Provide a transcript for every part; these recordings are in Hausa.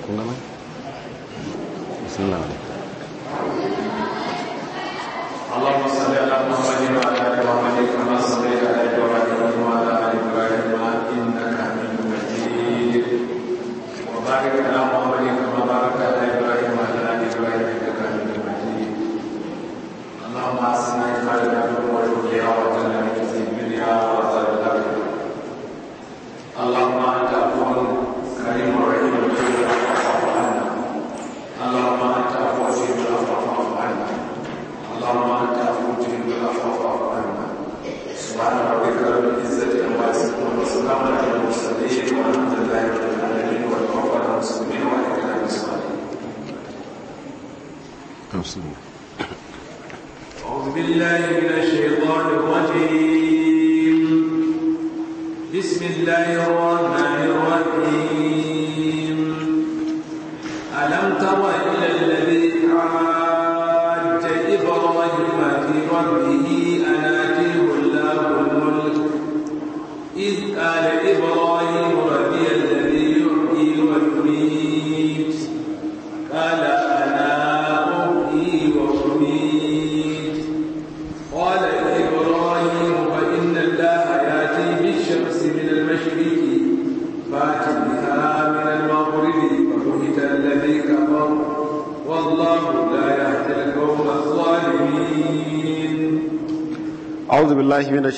공감해? 무슨 말이야? اللهم صل على محمد وعلى ال محمد كما صليت على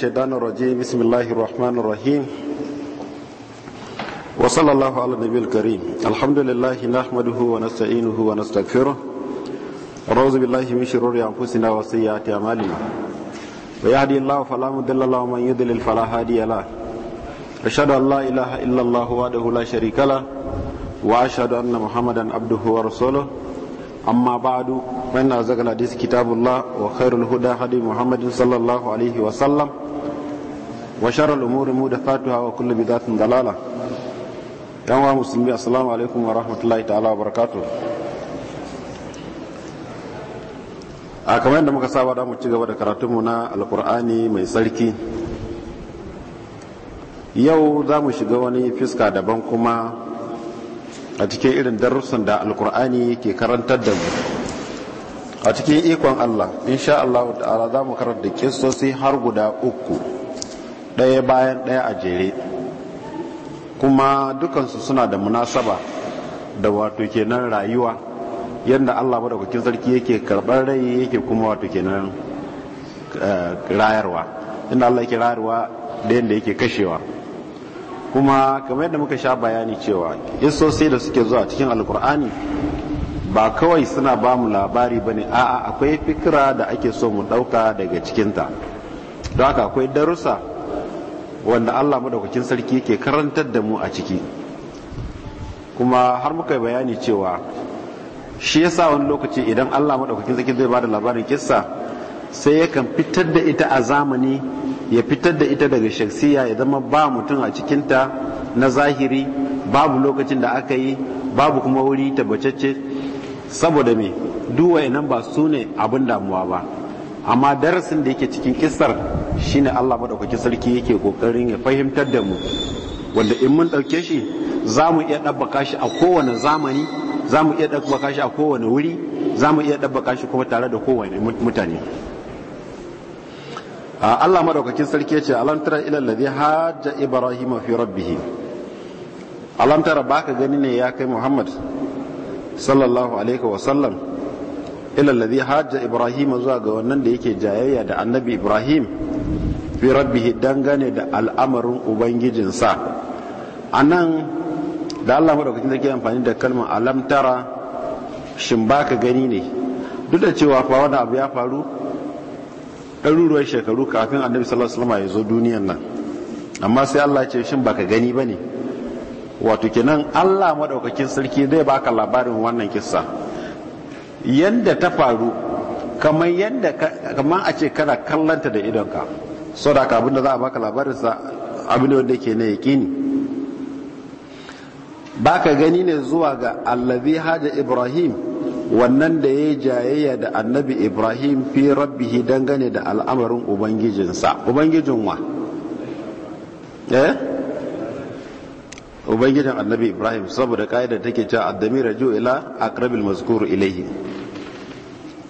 الشيطان الرجيم بسم الله الرحمن الرحيم وصلى الله على النبي الكريم الحمد لله نحمده ونستعينه ونستغفره ونعوذ بالله من شرور انفسنا وسيئات اعمالنا ويهدي الله فلا مضل له ومن يضلل فلا هادي له اشهد ان لا اله الا الله وحده لا شريك له واشهد ان محمدا عبده ورسوله أما بعد فإن أصدق الحديث كتاب الله وخير الهدى هدي محمد صلى الله عليه وسلم وشر الأمور محدثاتها وكل بدعة ضلالة يا مسلمين السلام عليكم ورحمة الله تعالى وبركاته a kamar yadda muka saba da mu ci gaba da karatunmu na alkur'ani mai sarki. yau za mu shiga wani fiska daban kuma a cikin irin darussan da alkur'ani ke karantar da mu a cikin ikon Allah insha Allah ta'ala za mu karanta kissosi har guda uku ɗaya bayan ɗaya a jere kuma dukansu suna da munasaba da wato kenan rayuwa yadda Allah madaukakin sarki yake karɓar rai yake kuma wato kenan eh, rayarwa inda Allah yake rayarwa da yadda yake kashewa kuma kamar yadda muka sha bayani cewa isosai da suke zuwa cikin alkur'ani ba kawai suna ba mu labari ba ne a'a akwai fikira da ake so mu ɗauka daga cikinta don haka akwai darussa wanda allah madaukakin sarki ke karantar da mu a ciki kuma har muka bayani cewa shi yasa wani lokaci idan allah madaukakin sarki zai ba da labarin kissa sai yakan fitar da ita a zamani ya fitar da ita daga shaksiya ya zama ba mutum a cikinta na zahiri babu lokacin da aka yi babu kuma wuri tabbacacce saboda me duwaye nan ba su ne abin damuwa ba amma darasin da yake cikin kisar shine Allah maɗaukakin sarki yake kokarin ya fahimtar da mu wanda in mun ɗauke shi za mu iya ɗabbaka shi a kowane zamani za mu iya ɗabbaka shi a kowane wuri za mu iya ɗabbaka shi kuma tare da kowane mutane Allah madaukakin sarki yace alam tara ila alladhi hajja ibrahima fi rabbih alam tara baka gani ne ya kai muhammad sallallahu alaihi wa sallam ilal ladhi hajja ibrahima zuwa ga wannan da yake jayayya da annabi ibrahim fi rabbih dangane da al'amarin ubangijinsa anan da Allah madaukakin sarki amfani da kalmar alam tara shin baka gani ne duk da cewa fa wani abu ya faru ɗaruruwar shekaru kafin annabi sallallahu alaihi wasallam ya zo duniyan nan amma sai Allah ya ce shin baka gani bane wato kenan Allah madaukakin sarki zai baka labarin wannan kissa yanda ta faru kamar yanda kamar a ce kana kallanta da idonka saboda ka abinda za a baka labarin sa abin da wanda yake na yaqini baka gani ne zuwa ga allazi hada ibrahim wannan da ya jayayya da annabi ibrahim fi rabbihi dangane da al'amarin ubangijinsa ubangijin wa eh? ubangijin annabi ibrahim saboda ka'idar take cewa addami rajo ila akrabil mazkuru ilaihi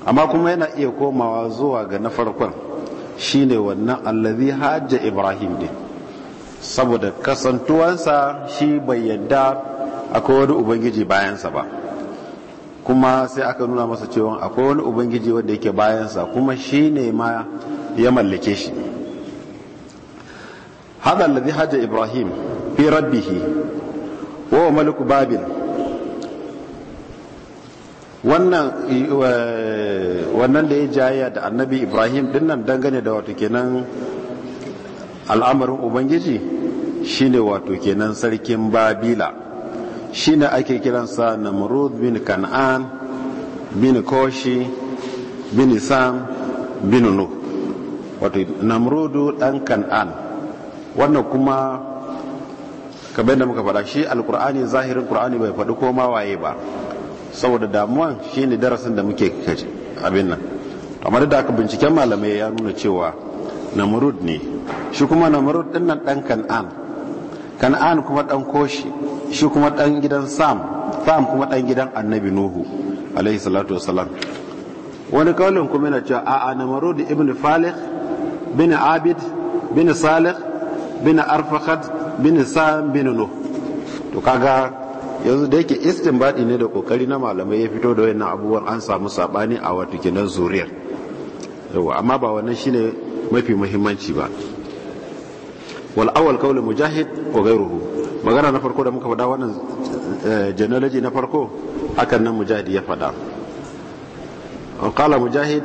amma kuma yana iya komawa zuwa ga na farkon shine wannan allazi hajja ibrahim din saboda kasantuwansa shi bai yadda akwai wani ubangiji bayansa ba kuma sai aka nuna masa cewa akwai wani ubangiji wanda yake bayansa kuma shi ne ma ya mallake shi hada alladhi haja ibrahim fi rabbih wa maliku babil wannan eh, da ya jayya da annabi ibrahim dinnan dangane da wato kenan al'amarin ubangiji shine wato kenan sarkin babila Shi ne ake kiransa namrud bin kan'an bin koshi bin sam bin nu wato namrudu dan kan'an wannan kuma kamar da muka fada shi alkur'ani zahirin kur'ani bai faɗi koma waye ba saboda damuwan ne darasin da muke abin nan amma da aka binciken malamai ya nuna cewa namrud ne shi kuma namrud din nan dan kan'an kan'an kuma ɗan koshi shi kuma dan gidan sam sam kuma dan gidan annabi nuhu alaihi salatu wasalam wani kaulin kuma yana cewa a'a namarud ibn falih bin abid bin salih bin arfakhat bin sam bin nuh to kaga yanzu da yake istinbadi ne da kokari na malamai ya fito da wannan abubuwan an samu sabani a wato kenan zuriyar yawa amma ba wannan shine mafi muhimmanci ba wal awal qawl mujahid wa ghayruhu magana na farko da muka faɗa wannan eh, genealogy na farko hakan nan mujahid ya faɗa qala mujahid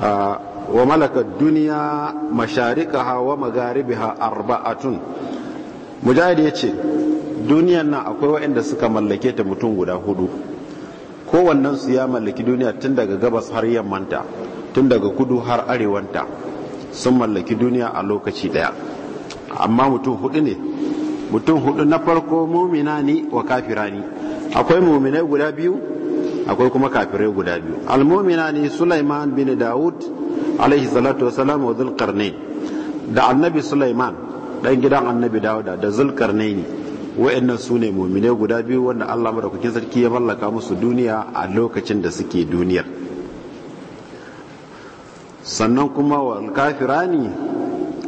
ah, wa malaka duniya masharikaha wa magharibiha arba'atun mujahid ya ce duniyan nan akwai waɗanda suka mallake ta mutum guda hudu kowannen su ya mallaki duniya tun daga gabas har yammanta tun daga kudu har arewanta sun mallaki duniya a lokaci daya amma mutum hudu ne mutum hudu na farko mumina ni wa kafira ne akwai muminai guda biyu akwai kuma kafirai guda biyu almumina ne sulaiman bin daud alaihi salatu wasalam wa zulkarnain da annabi sulaiman dan gidan annabi daud da zulkarnain wa'annan su ne muminai guda biyu wanda allah madaukakin sarki ya mallaka musu duniya a lokacin da suke duniyar sannan kuma wa kafirani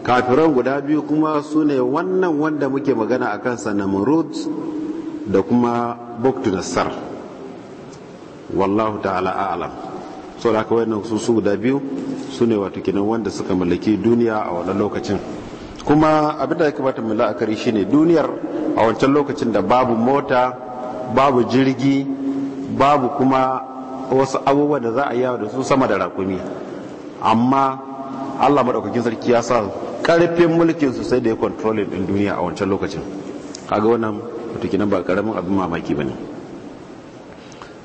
kafiran guda biyu kuma su ne wannan wanda muke magana a kansa na murut da kuma buktu nassar wallahu ta'ala a'lam so da aka wayannan su su guda biyu su ne wata kinan wanda suka mallaki duniya a wannan lokacin kuma abin da ya kamata mu la'akari shine duniyar a wancan lokacin da babu mota babu jirgi babu kuma wasu abubuwa da za a yawa da su sama da rakumi amma allah maɗaukakin sarki ya sa karfin mulkin su sai da ya kontrolin din duniya a wancan lokacin kaga wannan nan ba karamin abin mamaki ba ne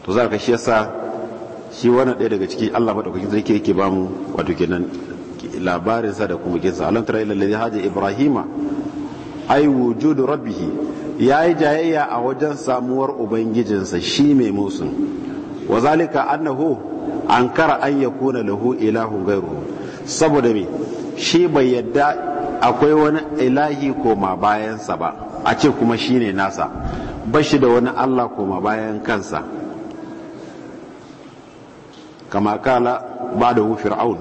to za ka shi yasa shi wannan ɗaya daga ciki allah maɗaukakin sarki yake ba mu wato labarin labarinsa da kuma kinsa alam tara ila ladhi haja ibrahima ai wujudu rabbihi yayi jayayya a wajen samuwar ubangijinsa shi mai musun wa zalika annahu an ankara an yakuna lahu ilahun gairu saboda me shi bai yadda akwai wani ilahi koma bayansa ba a ce kuma shi ne nasa ba shi da wani allah koma bayan kansa kama kala ba da fir'aun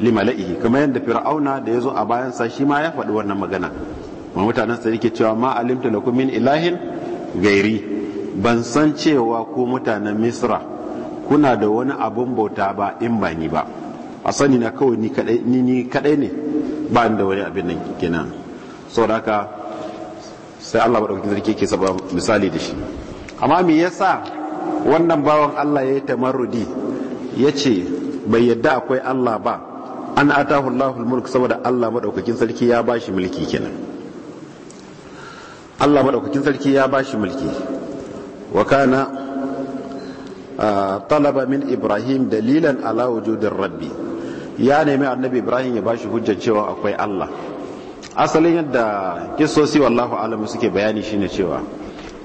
limala'ihi kama yadda fir'auna da ya zo a bayansa shi ma ya faɗi wannan magana ma mutanen sa yake cewa ma alimta da min ilahin gairi ban san cewa ko mutanen misra kuna da wani abun bauta ba in ba ni ba a sani na kawai ni kadai ni kadai ne ba ni da wani abin nan kenan saboda haka sai Allah dauki sarki yake saba misali da shi amma me yasa wannan bawan Allah ya yi tamarrudi yace bai yadda akwai Allah ba an atahu Allahul mulk saboda Allah madaukakin sarki ya bashi mulki kenan Allah madaukakin sarki ya bashi mulki wa kana ah, talaba min ibrahim dalilan ala wujudin rabbi ya nemi annabi ibrahim ya ba bashi hujjar cewa akwai allah asalin yadda kisosi wallahu alamu suke bayani shine cewa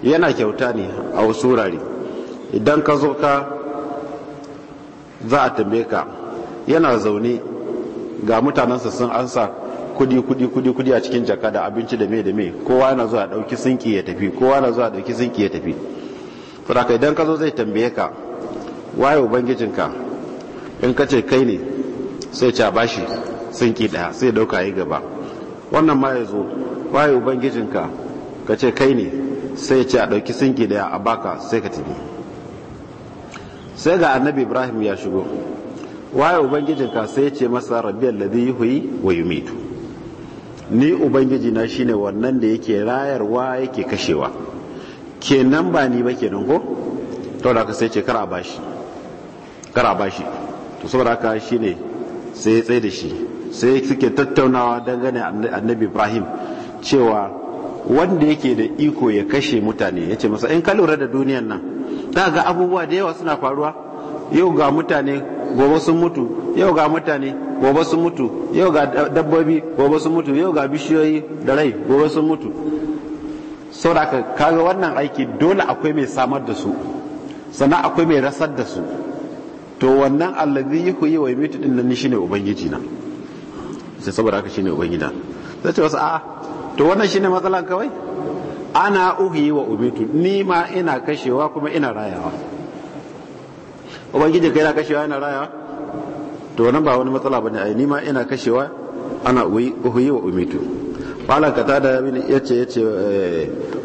yana kyauta ne a wasu wurare idan ka zo ka za a tambaye ka yana zaune ga mutanensa sun ansa kudi kudi kudi kudi a cikin jaka da abinci da me da me kowa yana zuwa dauki sinki ya tafi kowa yana zuwa dauki sinki ya tafi saboda idan ka zo zai tambaye ka waye ubangijinka in ka ce kai ne sai ca a bashi ki daya sai dauka yi gaba wannan ma ya zo waye ubangijinka ka ce kai ne sai ce a dauki ki daya a baka sai ka tafi sai ga annabi ibrahim ya shigo waye ubangijinka sai ce masa rabbiyal ladhi yi wa yumitu ni ubangiji na shine wannan da yake rayarwa yake kashewa kenan ba ni ba kenan ko to da ka sai ce kara bashi kara bashi to saboda haka shine sai ya tsaye da shi sai suke tattaunawa dangane annabi ibrahim cewa wanda yake da iko ya kashe mutane ya ce masa in ka lura da duniyan nan za ga abubuwa da yawa suna faruwa yau ga mutane gobe sun mutu yau ga mutane gobe sun mutu yau ga dabbobi gobe sun mutu yau ga bishiyoyi da rai gobe sun mutu saboda kaga wannan aiki dole akwai mai samar da su sannan akwai mai rasar da su to wannan allazi yaku yi wa mitu din nan shine ubangiji na sai saboda haka shine ubangida sai ce wasu a'a to wannan shine matsalan kawai ana uhi wa umitu ni ma ina kashewa kuma ina rayawa ubangiji kai na kashewa ina rayawa to nan ba wani matsala bane ai ni ma ina kashewa ana uhi wa umitu qala da bin yace yace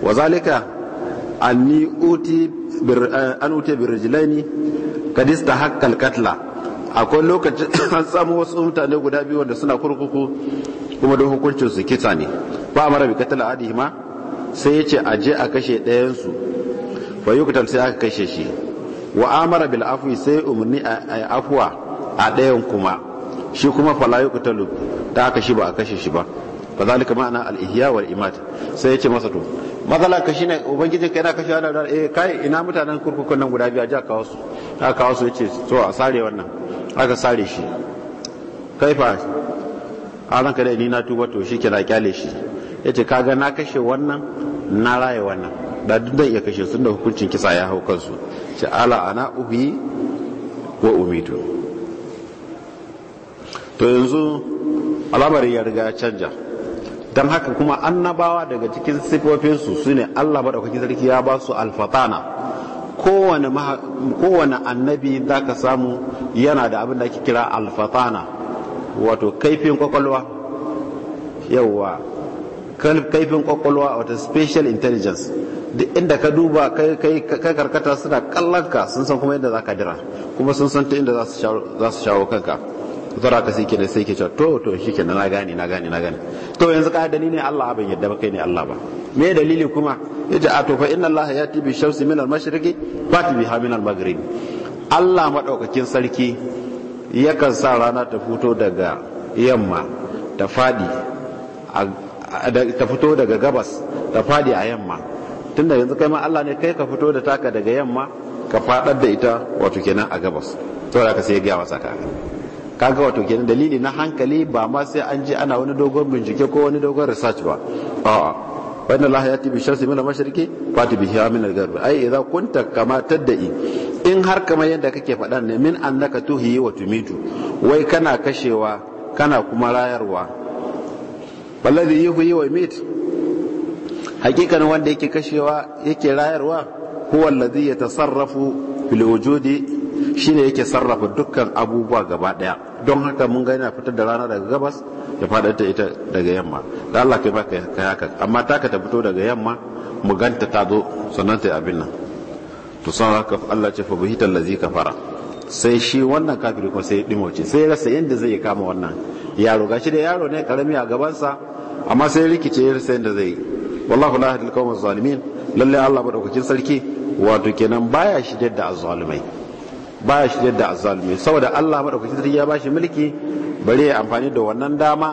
wa zalika anni uti bir an uti bir kadis da hakkal katla akwai lokacin an samu wasu mutane guda biyu wanda suna kurkuku kuma don hukuncin su kisa ne ba mara bi katla adihi ma sai ya ce a je a kashe ɗayansu fa yuqtal sai aka kashe shi wa amara bil afwi sai umarni a afwa a ɗayan kuma shi kuma fala yuqtalu da aka shi ba a kashe shi ba fa zalika ma'ana al ihya wal imat sai ya ce masa to matsala ka ne ubangiji ka yana kashe da eh kai ina mutanen kurkukun nan guda biyu a ja kawo su aka kawo su to a sare wannan aka sare shi kai fa a ka da ni na tuba to shi kira kyale shi yace kaga na kashe wannan na raye wannan da duk zan iya kashe su da hukuncin kisa ya hau kansu ce ala ana ubi ko umidu to yanzu alamar ya riga canja don haka kuma annabawa daga cikin sifofinsu su ne allah maɗaukakin sarki ya ba su alfatana kowane annabi za ka samu yana da abin da ake kira alfatana wato kaifin kwakwalwa yauwa kaifin kwakwalwa wata special intelligence duk inda ka duba kai karkata suna kallon ka sun san kuma inda za ka dira kuma sun san ta inda za su shawo kanka zara ka sai kenan sai ke cewa to to shikenan na gane na gane na gane to yanzu ka dani ne Allah ban yadda ba kai ne Allah ba me dalili kuma yace a to fa inna Allah yati bi shamsi min al-mashriqi fati biha min al-maghrib Allah madaukakin sarki yakan sa rana ta fito daga yamma ta fadi ta fito daga gabas ta fadi a yamma tunda yanzu kai ma Allah ne kai ka fito da taka daga yamma ka fadar da ita wato kenan a gabas to da ka sai ya gaya masa ka kaga wato kenan dalili na hankali ba ma sai an ji ana wani dogon bincike ko wani dogon research ba a'a wannan Allah ya tibi shamsi min al-mashriqi tibi biha min al-gharbi ai idza kunta kama tad'i in har kamar yadda kake faɗa ne min annaka tuhi wa tumitu wai kana kashewa kana kuma rayarwa balladhi yuhyi wa yumit hakikan wanda yake kashewa yake rayarwa huwa alladhi yatasarrafu bil wujudi shine yake sarrafa dukkan abubuwa gaba daya don haka mun ga yana fitar da rana daga gabas ya fadar ita daga yamma da Allah ke baka kai haka amma ta ta fito daga yamma mu ganta ta zo sannan ta abin nan to san haka Allah ce fa bihita allazi kafara sai shi wannan kafiri ko sai dimoce sai rasa yanda zai kama wannan yaro gashi da yaro ne karami a gabansa amma sai rikice ya rasa yanda zai wallahu la yahdil qawmaz zalimin lalle Allah madaukakin sarki wato kenan baya shi da azzalimai ya shirya da azalmi saboda Allah madaukakin sarki ya shi mulki bare ya amfani da wannan dama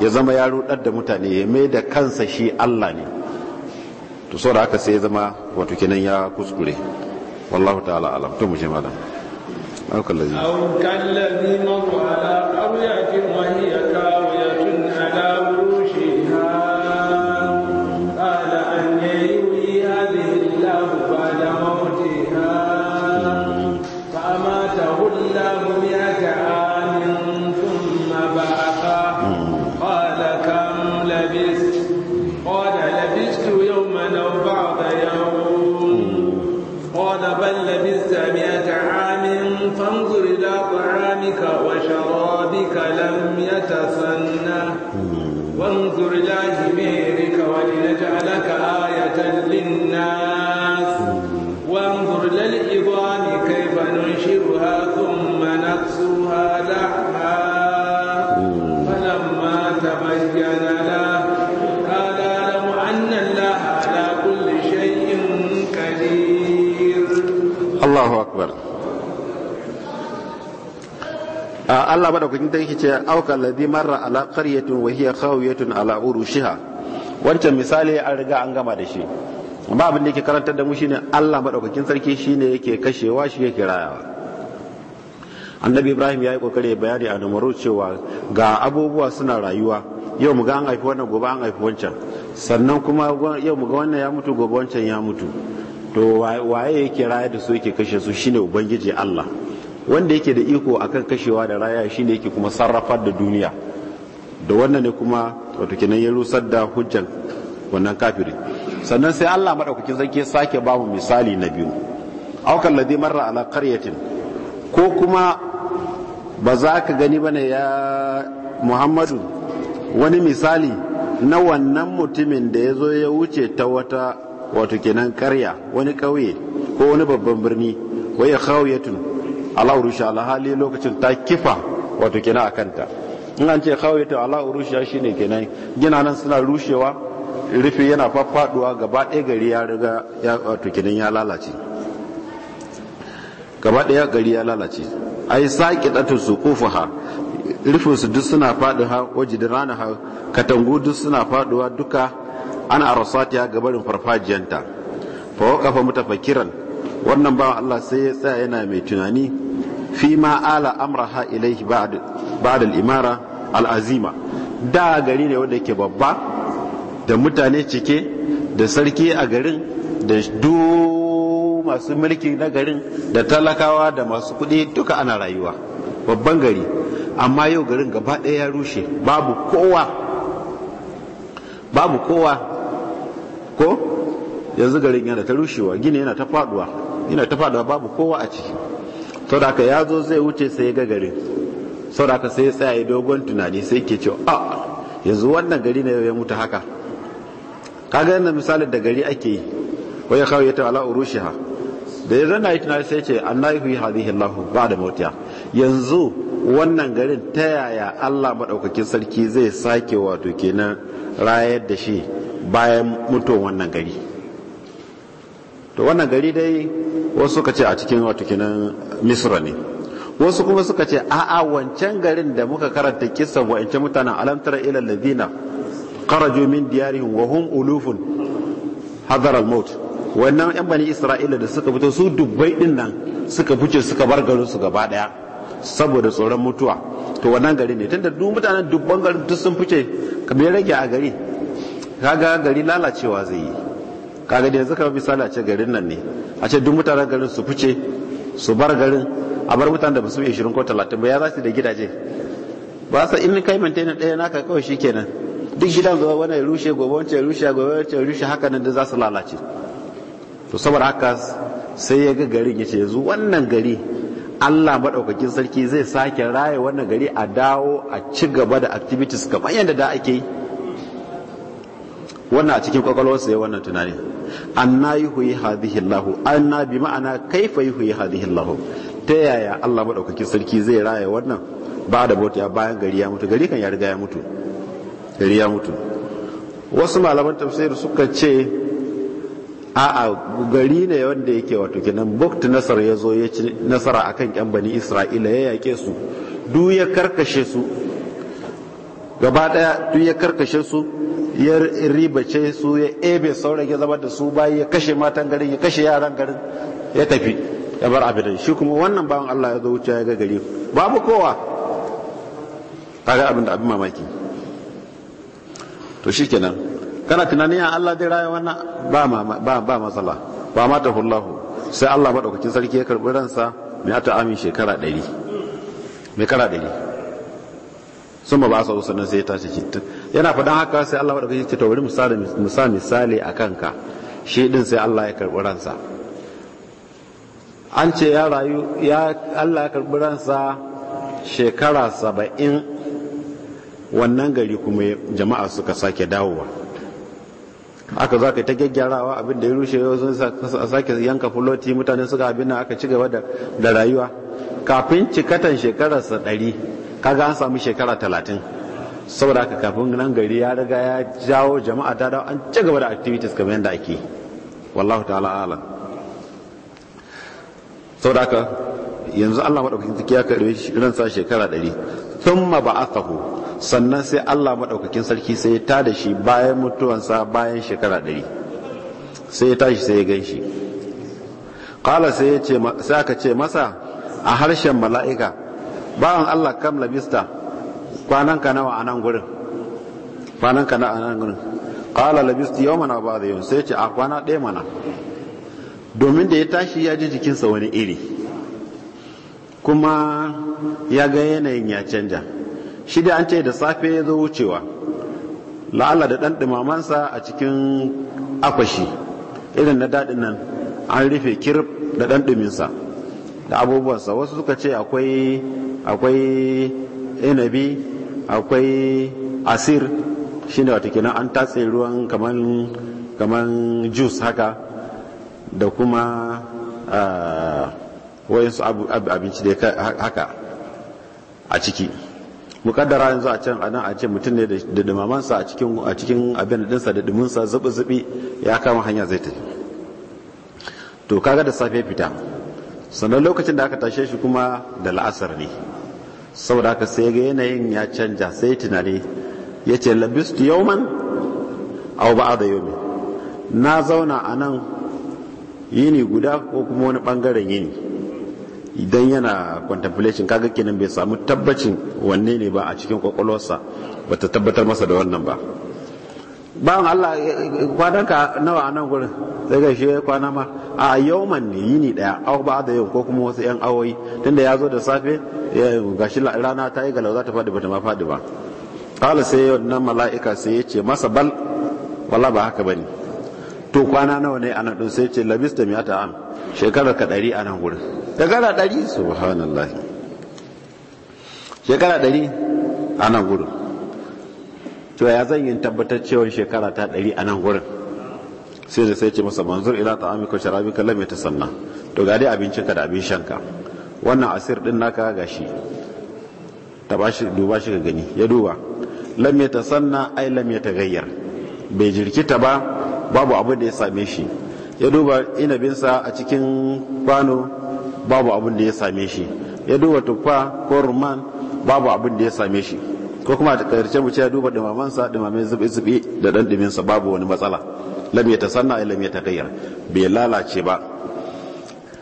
ya zama ya rudar da mutane ya mai da kansa shi Allah ne to saboda haka sai ya zama wato kenan ya kuskure wallahu ta'ala alam to mu je Allah madaukakin da yake ce auka alladhi marra ala qaryatin wa hiya khawiyatun ala urushiha wancan misali an riga an gama da shi amma abin da yake karantar da mu shine Allah madaukakin sarki shine yake kashewa shi yake rayawa annabi ibrahim ya yi kokari bayani a numaru cewa ga abubuwa suna rayuwa yau mu ga an haifi wannan gobe an haifi wancan sannan kuma yau mu ga wannan ya mutu gobe wancan ya mutu to waye yake rayar da su yake kashe su shine ubangiji Allah wanda yake da iko akan kashewa da raya shine yake kuma sarrafar da duniya da wannan ne kuma wato kenan ya rusar da hujjan wannan kafiri sannan sai Allah madaukakin sarki sake ba mu misali na biyu aukan ladhi marra ala qaryatin ko kuma ba za ka gani bane ya Muhammadu wani misali na wannan mutumin da ya zo ya wuce ta wata wato kenan karya wani kauye ko wani babban birni waya khawiyatun ala urusha ala hali lokacin ta kifa wato kenan a kanta in an ce ta ala urusha shine kenan gina nan suna rushewa rufe yana faffaduwa gaba ɗaya gari ya riga ya wato kenan ya lalace gaba ɗaya gari ya lalace ai saki datu su ha rufe su duk suna faɗi ha rana ha katangu duk suna faɗuwa duka ana ya gabarin farfajiyanta fa fa mutafakiran wannan ba Allah sai ya tsaya yana mai tunani fi ma ala amraha ilaihi ba'd al-imara al-azima da gari ne wanda yake babba da mutane cike da sarki a garin da du masu mulki na garin da talakawa da masu kuɗi duka ana rayuwa babban gari amma yau garin gaba ɗaya ya rushe babu kowa babu kowa ko yanzu garin yana ta rushewa gini yana ta faduwa yana ta faduwa babu kowa a ciki saboda ya zo zai wuce sai ya ga garin ka sai ya tsaya dogon tunani sai ke ce a ah, yanzu wannan gari ne ya mutu haka kaga yana misalin da gari ake yi wai kawai ya ta'ala urushiha da ya zana yi tunani sai ce annahu hadhihi Allah ba da mautiya yanzu wannan garin ta yaya Allah madaukakin sarki zai sake wato kenan rayar da shi bayan mutuwan wannan gari to wannan gari dai wasu suka ce a cikin wato kenan misra ne wasu kuma suka ce a'a wancan garin da muka karanta kisan wa'ancan mutanen alamtara ila ladina kharaju min diyarihim wa hum ulufun hadar al wannan yan bani isra'ila da suka fito su dubbai din nan suka fice suka bar garin su gaba daya saboda tsoron mutuwa to wannan gari ne tunda duk mutanen dubban garin duk sun fice kamar rage a gari kaga gari lalacewa zai yi kaga da yanzu kamar misali a ce garin nan ne a ce duk mutanen garin su fice su bar garin a bar mutanen da ba su 20 ko talatin ba ya za su da gidaje ba sa in kai maintainer ɗaya naka kawai shi kenan duk gidan zuwa wani ya rushe gobe wancan ya rushe gobe wancan ya rushe haka nan da za su lalace to saboda haka sai ya ga garin ya ce yanzu wannan gari Allah maɗaukakin sarki zai sake raye wannan gari a dawo a ci gaba da activities kamar yadda da ake yi wannan a cikin kwakwalwarsa ya wannan tunani anna yuhyi hadhihi Allah anna bi ma'ana kaifa yuhyi hadhihi Allah ta yaya Allah madaukakin sarki zai raya wannan ba da bauta bayan gari ya mutu gari kan ya riga ya mutu gari ya mutu wasu malaman tafsir suka ce a'a gari ne wanda yake wato kenan bukt nasar ya zo ya ci nasara akan yan bani isra'ila ya yake su duk ya karkashe su gaba daya duk ya karkashe su ya ribace su ya ebe ya zama da su bayi ya kashe matan garin ya kashe yaran garin ya tafi ya bar abin shi kuma wannan bawan Allah ya zo wuce ya ga gari babu kowa kaga abin da abin mamaki to shikenan kana tunanin Allah zai raya wannan ba ba ba matsala ba ma ta hullahu sai Allah madaukakin sarki ya karbi ransa mai ata amin shekara 100 mai kara 100 sun ba ba sa usanin sai ya tashi yana faɗin haka sai Allah wadda ce to bari mu sa misali a kanka shi din sai Allah ya karɓi ransa an ce ya rayu ya Allah ya karɓi ransa shekara saba'in wannan gari kuma jama'a suka sake dawowa aka za ka ta gyaggyarawa abin da ya rushe yau sun sake yanka fuloti mutane suka abin aka ci gaba da rayuwa kafin cikatan shekararsa ɗari kaga an samu shekara talatin saboda haka kafin nan gari ya riga ya jawo jama'a ta dawo an ci gaba da activities kamar yadda ake wallahu ta'ala alam saboda haka yanzu Allah madaukakin sarki ya karbe shi sa shekara 100 thumma ba'athahu sannan sai Allah madaukakin sarki sai ya tada shi bayan mutuwansa bayan shekara 100 sai ya tashi sai ya ganshi qala sai ya ce sai aka ce masa a harshen mala'ika ba'an Allah kam labista kwanan ka nawa a nan gurin kwanan ka nawa a nan gurin qala labistu mana ba da yau sai ce a kwana ɗaya mana domin da ya tashi ya ji jikinsa wani iri kuma ya ga yanayin ya canja shi da an ce da safe ya zo wucewa la'ala da ɗan ɗumamansa a cikin akwashi irin na daɗin nan an rufe kirif da ɗan ɗuminsa da abubuwansa wasu suka ce akwai inabi akwai asir shine wato kenan an tatse ruwan kaman kaman juice haka da kuma wayansu abinci da haka a ciki mukaddara yanzu a can anan a ce mutum ne da dumamansa a cikin dinsa da dumunsa zubi zubi ya kama hanya zai tafi to kaga da safe fita sannan lokacin da aka tashe shi kuma da la'asar ne saboda haka sai ga yanayin ya canja sai tunani ya ce labistu yauman au ba'a da yomi na zauna a nan yini guda ko kuma wani bangaren yini idan yana contemplation kaga kenan bai samu tabbacin wanne ne ba a cikin kwakwalwarsa bata tabbatar masa da wannan ba bawan Allah kwanan ka nawa a nan gurin sai ga shi kwana ma a yauman ne yini daya aw ba da yau ko kuma wasu yan awoyi tunda ya zo da safe gashi rana ta yi galau za ta fadi bata ma faɗi ba kala sai nan mala'ika sai ya ce masa bal wala ba haka bane to kwana nawa ne a nan sai ya ce labista am shekarar ka ɗari a nan gurin shekara ɗari subhanallah shekara ɗari a nan gurin to ya zan yin tabbatar cewa shekara ta ɗari a nan wurin sai da sai ce masa manzur ila ta amika sharabi kallam mai ta sanna to ga dai ka da abin shanka wannan asir din naka ga shi ta bashi duba shi ga gani ya duba lam ya ta sanna ai lam ya ta gayyar bai jirkita ba babu abu da ya same shi ya duba inabinsa a cikin kwano babu abin da ya same shi ya duba tuffa ko rumman babu abin da ya same shi ko kuma a karshe mu ce ya duba dumamansa dumamen zubi zubi da dan duminsa babu wani matsala lam yatasanna lam yataghayyar bai lalace ba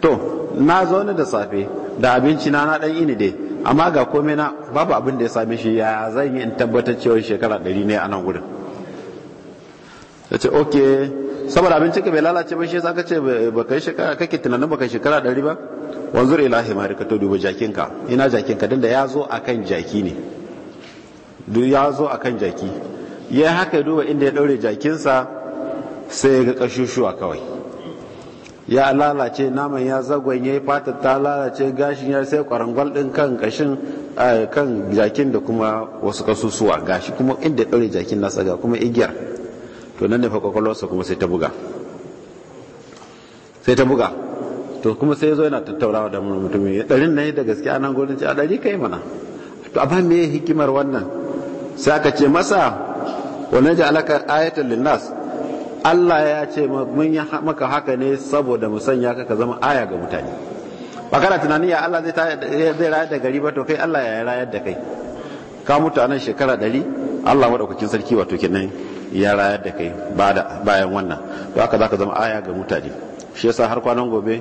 to na zo ne da safe da abinci na na dan ini dai amma ga komai na babu abin da ya same shi ya zan yi in tabbatar cewa shekara ɗari ne a nan gurin ta ce ok saboda abincin ka bai lalace ba shi ya ka ce ba kai shekara kake tunanin ba kai shekara ɗari ba wanzur ilahi marika to duba jakinka ina jakinka din da ya zo akan jaki ne duk ya zo a kan jaki ya haka duba inda ya daure jakinsa sai ya ga ƙashushuwa kawai ya lalace naman ya zagwanye fatar ta lalace gashin ya sai kwarangwal ɗin kan ƙashin kan jakin da kuma wasu ƙasusuwa gashi kuma inda ya daure jakin nasa ga kuma igiyar to nan da fa kwakwalwarsa kuma sai ta buga sai ta buga to kuma sai zo yana tattaunawa da mutumin ya ɗarin na yi da gaske anan gudun ci a ɗari kai mana to a ba me hikimar wannan sai aka ce masa wannan ji alaka ayatul linnas Allah ya ce mun yi maka haka ne saboda mu sanya ka ka zama aya ga mutane ba kana tunanin ya Allah zai rayar da gari ba to kai Allah ya rayar da kai ka mutu anan shekara ɗari Allah maɗaukakin sarki wato kenan ya rayar da kai bayan wannan to haka za ka zama aya ga mutane shi yasa har kwanan gobe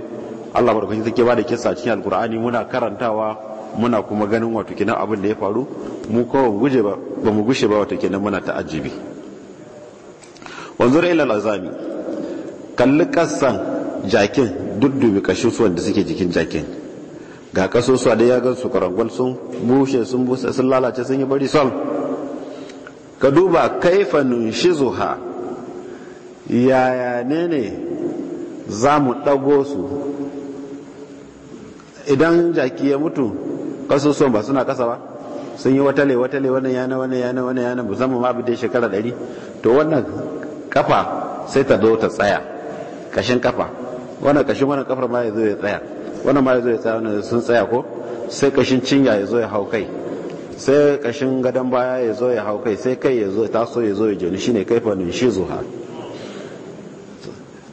Allah maɗaukakin sarki ba da kisa cikin alkur'ani muna karantawa muna kuma ganin wato kenan abin da ya faru mu kawai guje ba ba mu gushe ba wato kenan muna ta'ajjibi wanzura ila azami kalli jakin duddubi su da suke jikin jakin ga kasusuwa da ya gan su karangwal sun bushe sun busa sun lalace sun yi bari sol ka duba kaifa nunshizuha yaya ne ne za mu ɗago su idan jaki ya mutu kasusuwan ba suna kasa ba sun yi wata watale wannan yana wannan yana wannan yana musamman ma abin da shekara ɗari to wannan kafa sai ta zo ta tsaya kashin kafa wannan kashin wannan kafar ma ya zo ya tsaya wannan ma ya zo ya tsaya wannan sun tsaya ko sai kashin cinya ya zo ya hau kai sai kashin gadon baya ya zo ya hau kai sai kai ya zo so ya zo ya jini shine kaifa ha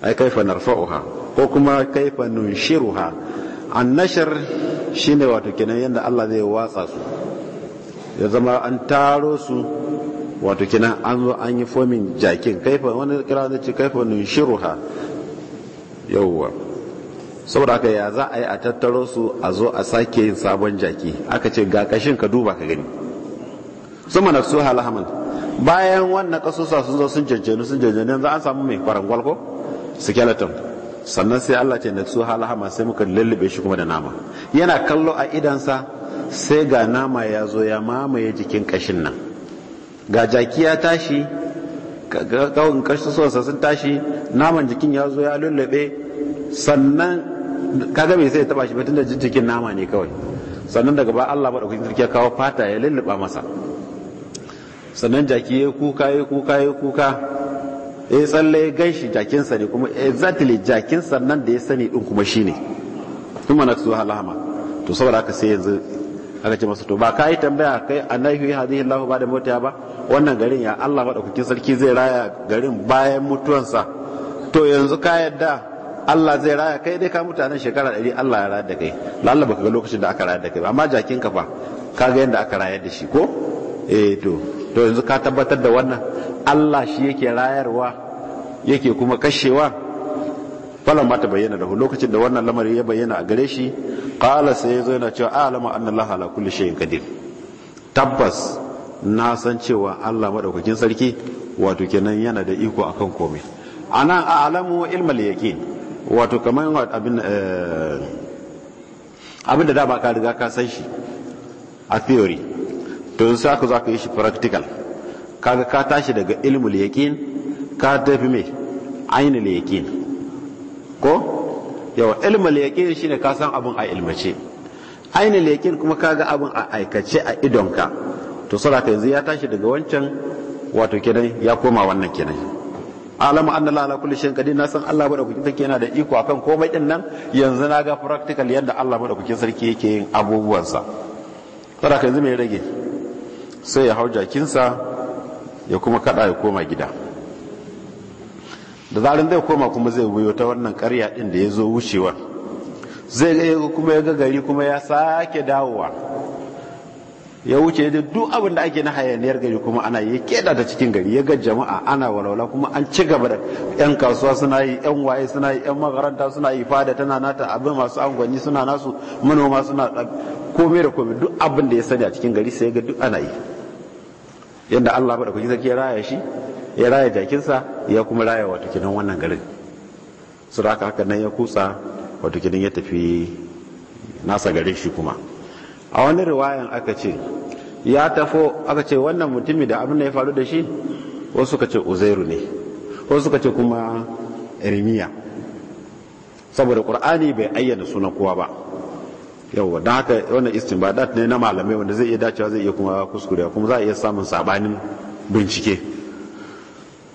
ai kaifa narfa'uha ko kuma kaifa nunshiruha annashar shine wato kenan yadda Allah zai watsa su ya zama an taro su wato kenan an zo an yi fomin jakin kaifa wani kira zai ce kaifa ha yawwa saboda haka ya za a yi a tattaro su a zo a sake yin sabon jaki aka ce ga kashin ka duba ka gani suma mana su halaman bayan wannan kasusa sun zo sun jajjani sun jajjani yanzu an samu mai kwarangwal ko skeleton sannan sai Allah ce na tsuha lahama sai muka lullube shi kuma da nama yana kallo a idansa sai ga nama ya zo ya mamaye jikin kashin nan ga jaki ya tashi kawun kashi sosa sun tashi naman jikin ya zo ya lullube sannan kaga mai sai ya taba shi batun da jikin nama ne kawai sannan daga ba Allah maɗaukakin sarki ya kawo fata ya lulluba masa sannan jaki ya kuka ya kuka ya kuka ya eh, yi tsalle ya gan shi jakinsa ne kuma exactly jakinsa nan da ya sani din kuma shi ne tun mana su halama to saboda aka sai yanzu aka ce masa to ba ka yi tambaya kai annahi hadihi lahu ba da mota ba wannan garin ya Allah madaukakin sarki zai raya garin bayan mutuwansa to yanzu ka yadda Allah zai raya kai dai ka mutanen shekara ɗari Allah ya raya da kai lalla baka ga lokacin da aka raya da kai amma jakin fa ka ga yadda aka raya da shi ko eh to to yanzu ka tabbatar da wannan Allah shi yake rayarwa yake kuma kashewa Falon ma ta bayyana da lokacin da wannan lamari ya bayyana a gare shi ƙala sai yazo yana cewa alama annan Allah ala kulli shay'in qadir tabbas na san cewa Allah maɗaukakin sarki wato kenan yana da iko akan komai ana a'lamu ilmal yaqin wato kamar eh, abin da da ba ka riga ka san shi a theory to sa ka za ka yi shi practical kaga ka tashi daga ilmul yaqin ka tafi mai ainihin yaqin ko yawa ilmul yaqin shine ka san abin a ilmace ainihin yaqin kuma kaga abin a aikace a idonka to saboda yanzu ya tashi daga wancan wato kenan ya koma wannan kenan alama anna la ala kulli shay'in qadir na san Allah madaukakin sarki yana da iko akan komai din nan yanzu na ga practical yadda Allah madaukakin sarki yake yin abubuwansa saboda yanzu me rage sai ya hau jakinsa ya kuma kada ya koma gida da zarin zai koma kuma zai wuyo ta wannan karya din da ya zo wucewa zai ga kuma ya ga gari kuma ya sake dawowa ya wuce da duk abin da ake na hayaniyar gari kuma ana yi keda da cikin gari ya ga jama'a ana walwala kuma an ci gaba da yan kasuwa suna yi yan waye suna yi yan makaranta suna yi fada tana nata abin masu angwani suna nasu manoma suna komai da komai duk abin da ya sani a cikin gari sai ga duk ana yi yadda Allah ba da kuji zaki ya raya shi ya raya jakinsa ya kuma raya wato kinan wannan garin su haka nan ya kusa wato kinan ya tafi nasa garin shi kuma a wani riwayan aka ce ya tafo aka ce wannan mutumi da abin da ya faru da shi wasu suka ce uzairu ne wasu suka ce kuma irmiya saboda qur'ani bai ayyana sunan kowa ba yawwa don haka wannan istinbadat ne na malamai wanda zai iya dacewa zai iya kuma kuskure kuma za a iya samun sabanin bincike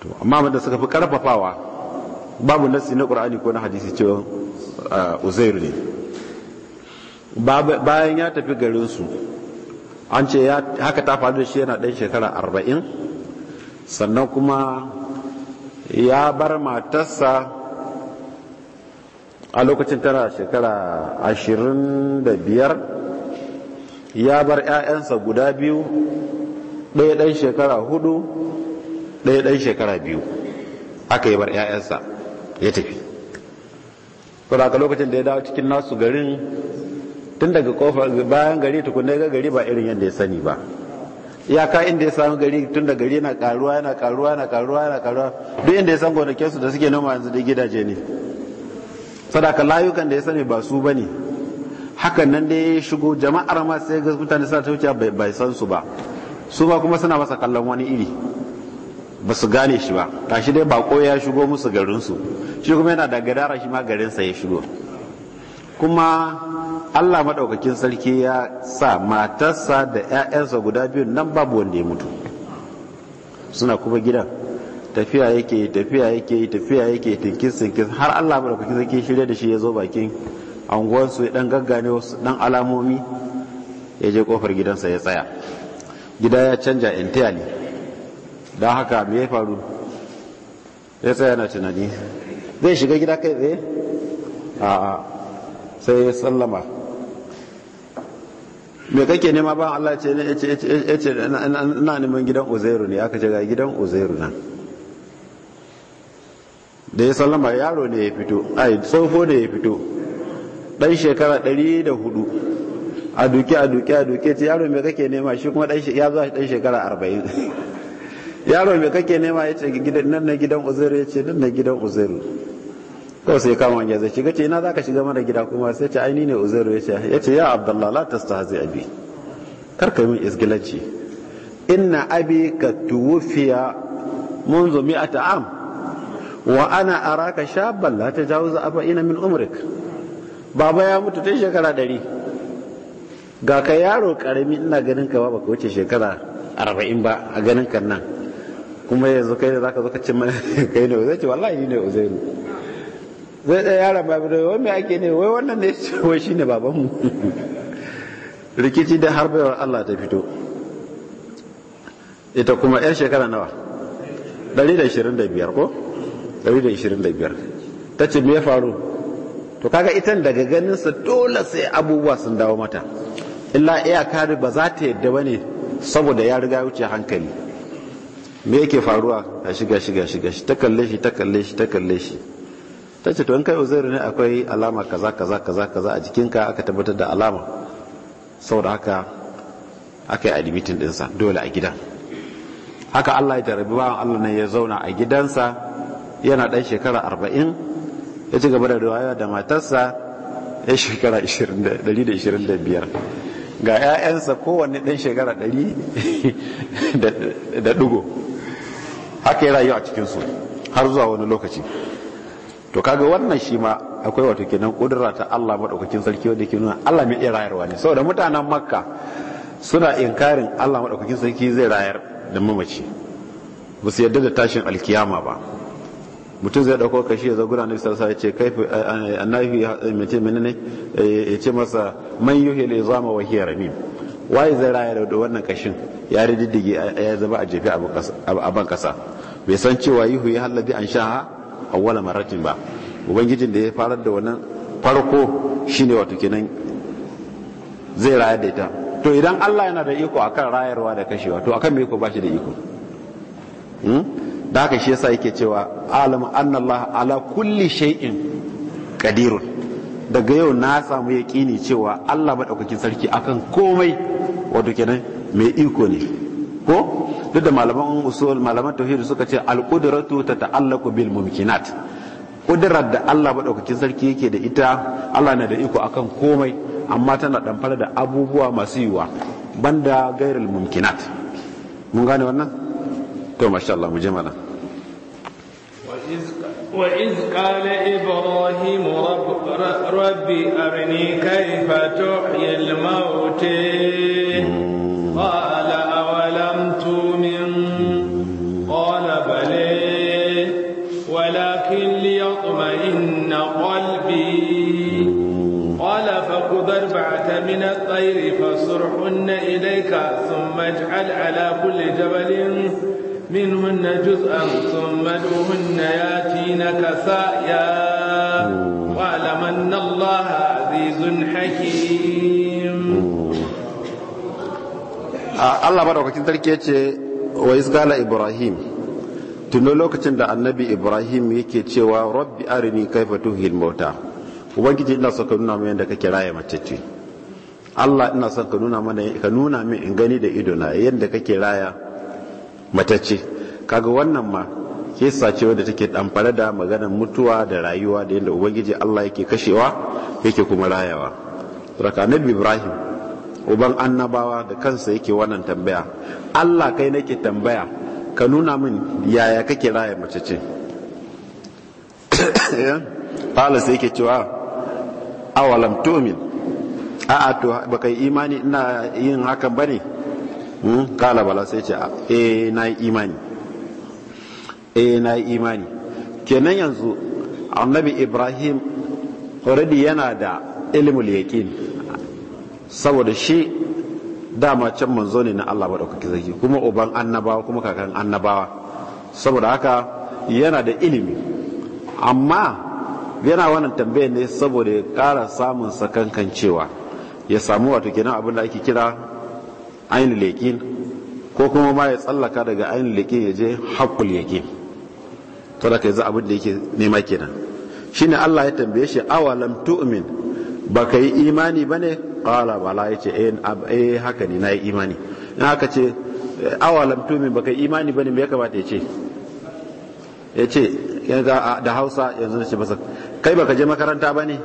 to amma wanda suka fi karfafawa babu nasi na qur'ani ko na hadisi cewa ah, uzairu ne bayan ya tafi garinsu an ce haka ta faru da shi yana ɗan shekara arba'in sannan kuma ya bar matarsa a lokacin tana shekara ashirin da biyar ya bar 'ya'yansa guda biyu ɗaya ɗan shekara hudu ɗaya ɗan shekara biyu aka yi bar 'ya'yansa ya tafi saboda lokacin da ya dawo cikin nasu garin tun daga kofar bayan gari tukun ga gari ba irin yadda ya sani ba Ya ka inda ya samu gari tun da gari na karuwa yana karuwa yana karuwa na karuwa duk inda ya san gonakin su da suke noma yanzu da gidaje ne sadaka layukan da ya sani ba su bane hakan nan da ya shigo jama'ar ma sai ga mutane suna ta wuce bai san su ba su ba kuma suna masa kallon wani iri ba su gane shi ba tashi dai bako ya shigo musu garinsu. shi kuma yana da gadara shi ma garin ya shigo kuma Allah maɗaukakin sarki ya sa matarsa da 'ya'yansa guda biyu nan babu wanda ya mutu suna kuma gidan tafiya yake tafiya yake tafiya yake tinkin sinkin har Allah maɗaukakin sarki shirya da shi ya zo bakin anguwansu ya ɗan gaggane wasu ɗan alamomi ya je ƙofar gidansa ya tsaya gida ya canja entirely don haka me ya faru ya tsaya na tunani zai shiga gida kai tsaye a'a sai ya sallama mai kake nema ba Allah ce ne ce na neman gidan Uzairu ne aka ce ga gidan Uzairu nan da ya sallama yaro ne ya fito ai tsoho ne ya fito ɗan shekara hudu a duke a duke a duke ce yaro me kake nema shi kuma ya ya zo ɗan shekara 40 yaro me kake nema ya ce nan na gidan Uzairu ce nan na gidan Uzairu kawai sai kama hanya zai shiga ce ina za ka shiga mana gida kuma sai ce aini ne uzairu ya ce ya ce ya abdallah la hazi abi karka ka yi min isgilanci inna abi ka tuwfiya منذ sha balla ta أراك شابا لا تجاوز أربعين من عمرك baba ya mutu tun shekara ɗari ga ka yaro ƙarami ina ganin ka ba ka wuce shekara arba'in ba a ganin kan nan kuma yanzu kai da ka zo ka ce mana kai ne ce wallahi ne uzairu zai tsaye yaron babu da wai mai ake ne wai wannan ne wai shine babanmu rikici da harbewar Allah ta fito ita kuma 'yan shekara nawa 125 ko 125 ta ce me ya faru to kaga itan daga ganinsa dole sai abubuwa sun dawo mata illa iyaka ba za ta yadda wani ne saboda ya riga wuce hankali me yake faruwa a shiga shiga shiga shi ta kalle shi ta kalle shi ta kalle shi ta ce tuwon kai uzairu ne akwai alama kaza kaza kaza kaza a jikinka aka tabbatar da alama saboda haka aka yi admitin dinsa dole a gidan haka Allah ya jarabi bawan Allah ne ya zauna a gidansa yana ɗan shekara arba'in ya ci gaba da riwaya da matarsa ya shekara 125 ga 'ya'yansa kowanne ɗan shekara 100 da ɗugo haka ya rayu a cikinsu har zuwa wani lokaci to kaga wannan shi ma akwai wato kenan kudura ta Allah madaukakin sarki wanda ke nuna Allah mai iya rayarwa ne saboda mutanen makka suna inkarin Allah madaukakin sarki zai rayar da mamaci ba su yadda da tashin alkiyama ba mutum zai dauko kashi ya zagura na bisa sai ce kai eh, eh, annabi eh, mai ce menene ya ce masa man yuhi li zama wa hiya ramim waye zai rayar da wannan kashin ya riddige ya zaba a jefe a ban kasa bai san cewa yuhi halabi an shaha awwala maratin ba ubangijin da ya farar da wannan farko shine wato kenan zai rayar da ita to idan Allah yana da iko akan rayarwa da kashewa to akan me iko ba shi da iko hmm? da haka shi yasa yake cewa alam annallaha ala kulli shay'in qadirun daga yau na samu yaqini cewa Allah madaukakin sarki akan komai wato kenan mai iko ne ko duk da malaman usul malaman tauhid suka ce al-qudratu tata'allaqu bil mumkinat kudirar da Allah maɗaukakin sarki yake da ita Allah na da iko akan komai amma tana fara da abubuwa masu yiwuwa banda gairul mumkinat mun gane wannan to masha Allah mu je وإذ قال إبراهيم رب, رب أرني كيف تحيي الموتى جبل منهن جزءا ثم دوهن ياتينك سعيا واعلم ان الله عزيز حكيم الله بارك sarki ya ce wa isgala tuno lokacin da annabi Ibrahim yake cewa rabbi arini kaifa tuhil mauta ubangiji ina son ka nuna mana yadda kake raye macece Allah ina son ka nuna mana ka nuna min in gani da ido na yadda kake raya matacce kaga wannan ma kisa ce wadda take damfare da maganar mutuwa da rayuwa da yadda ubangiji Allah yake kashewa yake kuma rayawa raka ibrahim uban annabawa da kansa yake wannan tambaya Allah kai nake tambaya ka nuna min yaya kake raya matacce Fala sai yake cewa awalam tumin a'a to baka imani ina yin hakan bane Hmm? kala bala sai ce eh na yi imani eh na yi imani kenan yanzu annabi ibrahim already yana da ilimul yaqin saboda shi dama can manzo ne na Allah madaukaki zaki kuma uban annabawa kuma kakan annabawa saboda haka yana da ilimi amma yana wannan tambayar ne saboda ya kara samun sakankan cewa ya samu wato kenan abin da ake kira ainihin lekin ko kuma ma ya tsallaka daga ainihin lekin ya je haƙul yakin to da ka yanzu abin da yake nema kenan ne Allah ya tambaye shi awalam tu'min baka yi imani ba ba la bala ce eh, eh haka ne na yi imani in haka ce awalam tu'min baka yi imani ba me ya kamata ya ce ya ce da Hausa yanzu ce masa kai ba ka je makaranta ba ne,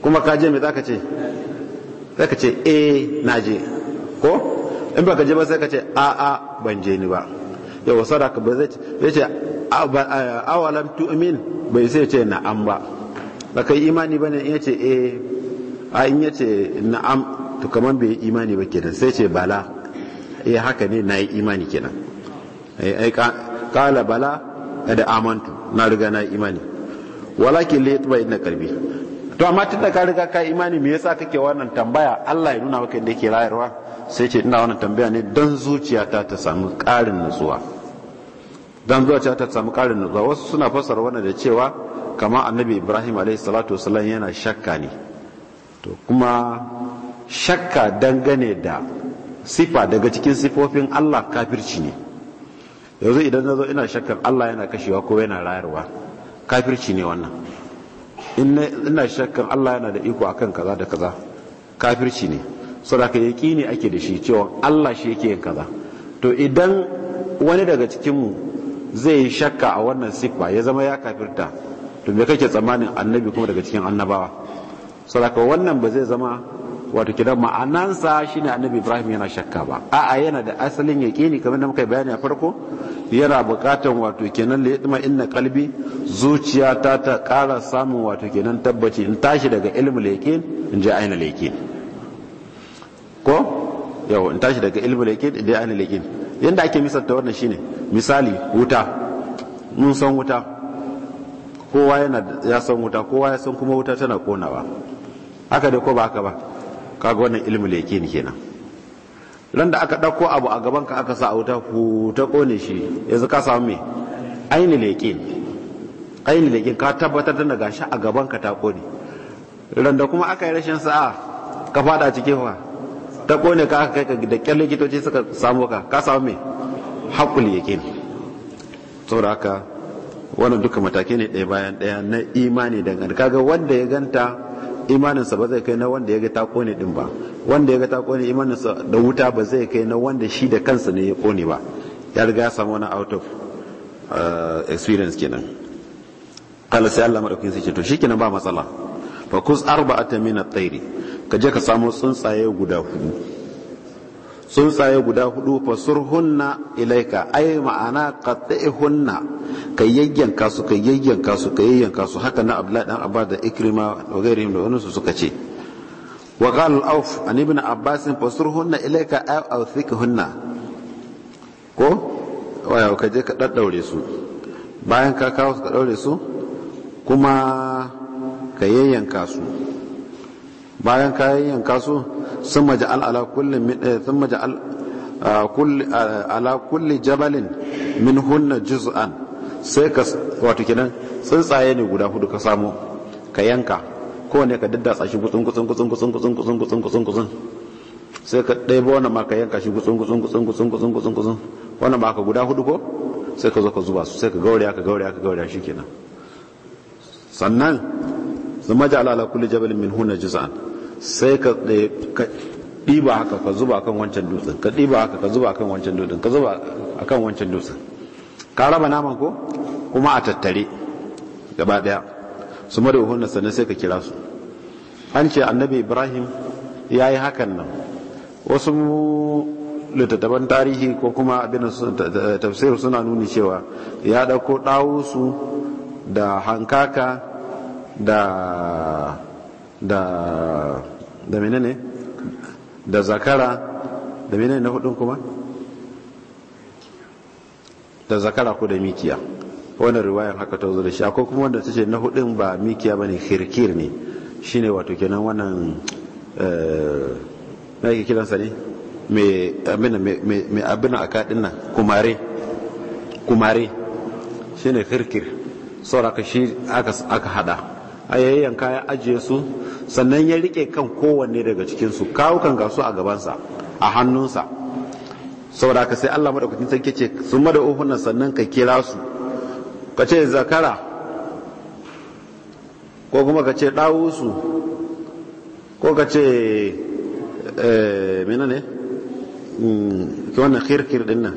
kuma ka je me ka ce ka ce eh na je ko in baka je ba sai ka ce a a ban je ni ba yau sadaka ba zai ce awalam tu'min bai sai ce na'am ba baka yi imani bane in yace eh a in yace na'am to kaman bai yi imani ba kenan sai ce bala eh haka ne nayi imani kenan eh, ai kala bala da amantu na riga na imani walakin li yatba inna qalbi to amma tunda ka riga ka imani me yasa kake wannan tambaya Allah ya nuna maka inda yake rayarwa sai ce ina wannan tambaya ne don zuciyata ta samu ƙarin nutsuwa don zuciyata ta samu ƙarin nutsuwa wasu suna fassara wannan da cewa kamar annabi ibrahim alayhi salatu wasallam yana shakka ne to kuma shakka dangane da sifa daga cikin sifofin allah kafirci ne yanzu idan nazo ina shakkar allah yana kashewa ko yana rayarwa kafirci ne wannan ina shakkar allah yana da iko akan kaza da kaza kafirci ne sadaka yaqini ake da shi cewa Allah shi yake yin kaza to idan wani daga cikinmu zai yi shakka a wannan sifa ya zama ya kafirta to me kake tsammanin annabi kuma daga cikin annabawa sadaka wannan ba zai zama wato kidan ma'anansa shine annabi Ibrahim yana shakka ba a'a yana da asalin yaqini kamar da muka bayani a farko yana bukatan wato kenan la yatma inna kalbi zuciya ta ta kara samun wato kenan tabbaci in tashi daga ilmul yaqin in je aina yaqin ko yau in tashi daga ilmul yaqin ila ainihin yaqin yadda ake ta wannan shine misali wuta mun san wuta kowa yana ya san wuta kowa ya san kuma wuta tana konawa haka dai ko ba haka ba kaga wannan ilmi yaqin kenan ran da aka ɗauko abu a gaban ka aka sa a wuta ku ta kone shi yanzu ka samu me ainihin yaqin ainihin yaqin ka tabbatar da gashi a gaban ka ta kone ran da kuma aka yi rashin sa'a ka fada cikin wa ta kone ka kai ka da kyar likitoci suka samu ka ka samu me haƙul yaƙin saboda haka wannan duka mataki ne ɗaya bayan ɗaya na imani dangane kaga wanda ya ganta imaninsa ba zai kai na wanda ya ga ta kone ɗin ba wanda ya ga ta kone imaninsa da wuta ba zai kai na wanda shi da kansa ne ya kone ba ya riga ya samu wani out of uh, experience kenan kala sai Allah madaukakin sai ce to shikenan ba matsala fa kus arba'atan min at-tayri ka je ka samo tsuntsaye guda hudu tsuntsaye guda hudu hunna ilaika ai ma'ana qat'ihunna ka yayyanka su ka yayyanka su ka yayyanka su haka na abdullahi dan abba da ikrima da gairihim da wani su suka ce wa qala al-auf an ibn abbas hunna ilaika ai hunna ko waya ka je ka daddaure su bayan ka kawo su ka daure su kuma ka yayyanka su bayan kayan yanka su sun maji ala sun ala kulli jabalin min hunna juz'an sai ka wato kenan tsuntsaye ne guda hudu ka samu ka yanka ne ka daddatsa shi gutsun gutsun gutsun gutsun gutsun gutsun gutsun gutsun gutsun sai ka ɗaiba wannan ma ka yanka shi gutsun gutsun gutsun gutsun gutsun gutsun gutsun wannan ma ka guda hudu ko sai ka zo ka zuba su sai ka gauraya ka gauraya ka gauraya shi kenan sannan zama ja'ala ala kulli jabalin min hunna juz'an sai ka ɗiba haka ka zuba kan wancan dutsen ka ɗiba haka ka zuba kan wancan dutsen ka zuba akan wancan dutsen ka raba naman ko kuma a tattare gaba ɗaya su mara hunna sannan sai ka kira su an ce annabi ibrahim ya yi hakan nan wasu littattafan tarihi ko kuma abin tafsir suna nuni cewa ya ɗauko ɗawusu da hankaka da da da menene da zakara da menene na hudun kuma da zakara ko da mikiya wannan riwayan haka ta zo da shi akwai kuma wanda ta ce na hudun ba mikiya ba ne kirkir ne shine wato kenan wannan na eh, yake kiransa ne mai abin a kaɗin nan kumare kumare shine kirkir aka shi aka hada a yayyanka ya ajiye su sannan ya rike kan kowanne daga cikinsu kawukan gasu a gabansa a hannunsa saboda ka sai Allah maɗaukacin sarki ce sun mada uhunan sannan ka kira su ka ce zakara ko kuma ka ce su ko ka ce eh, mena ne ki hmm, wannan kirkir din nan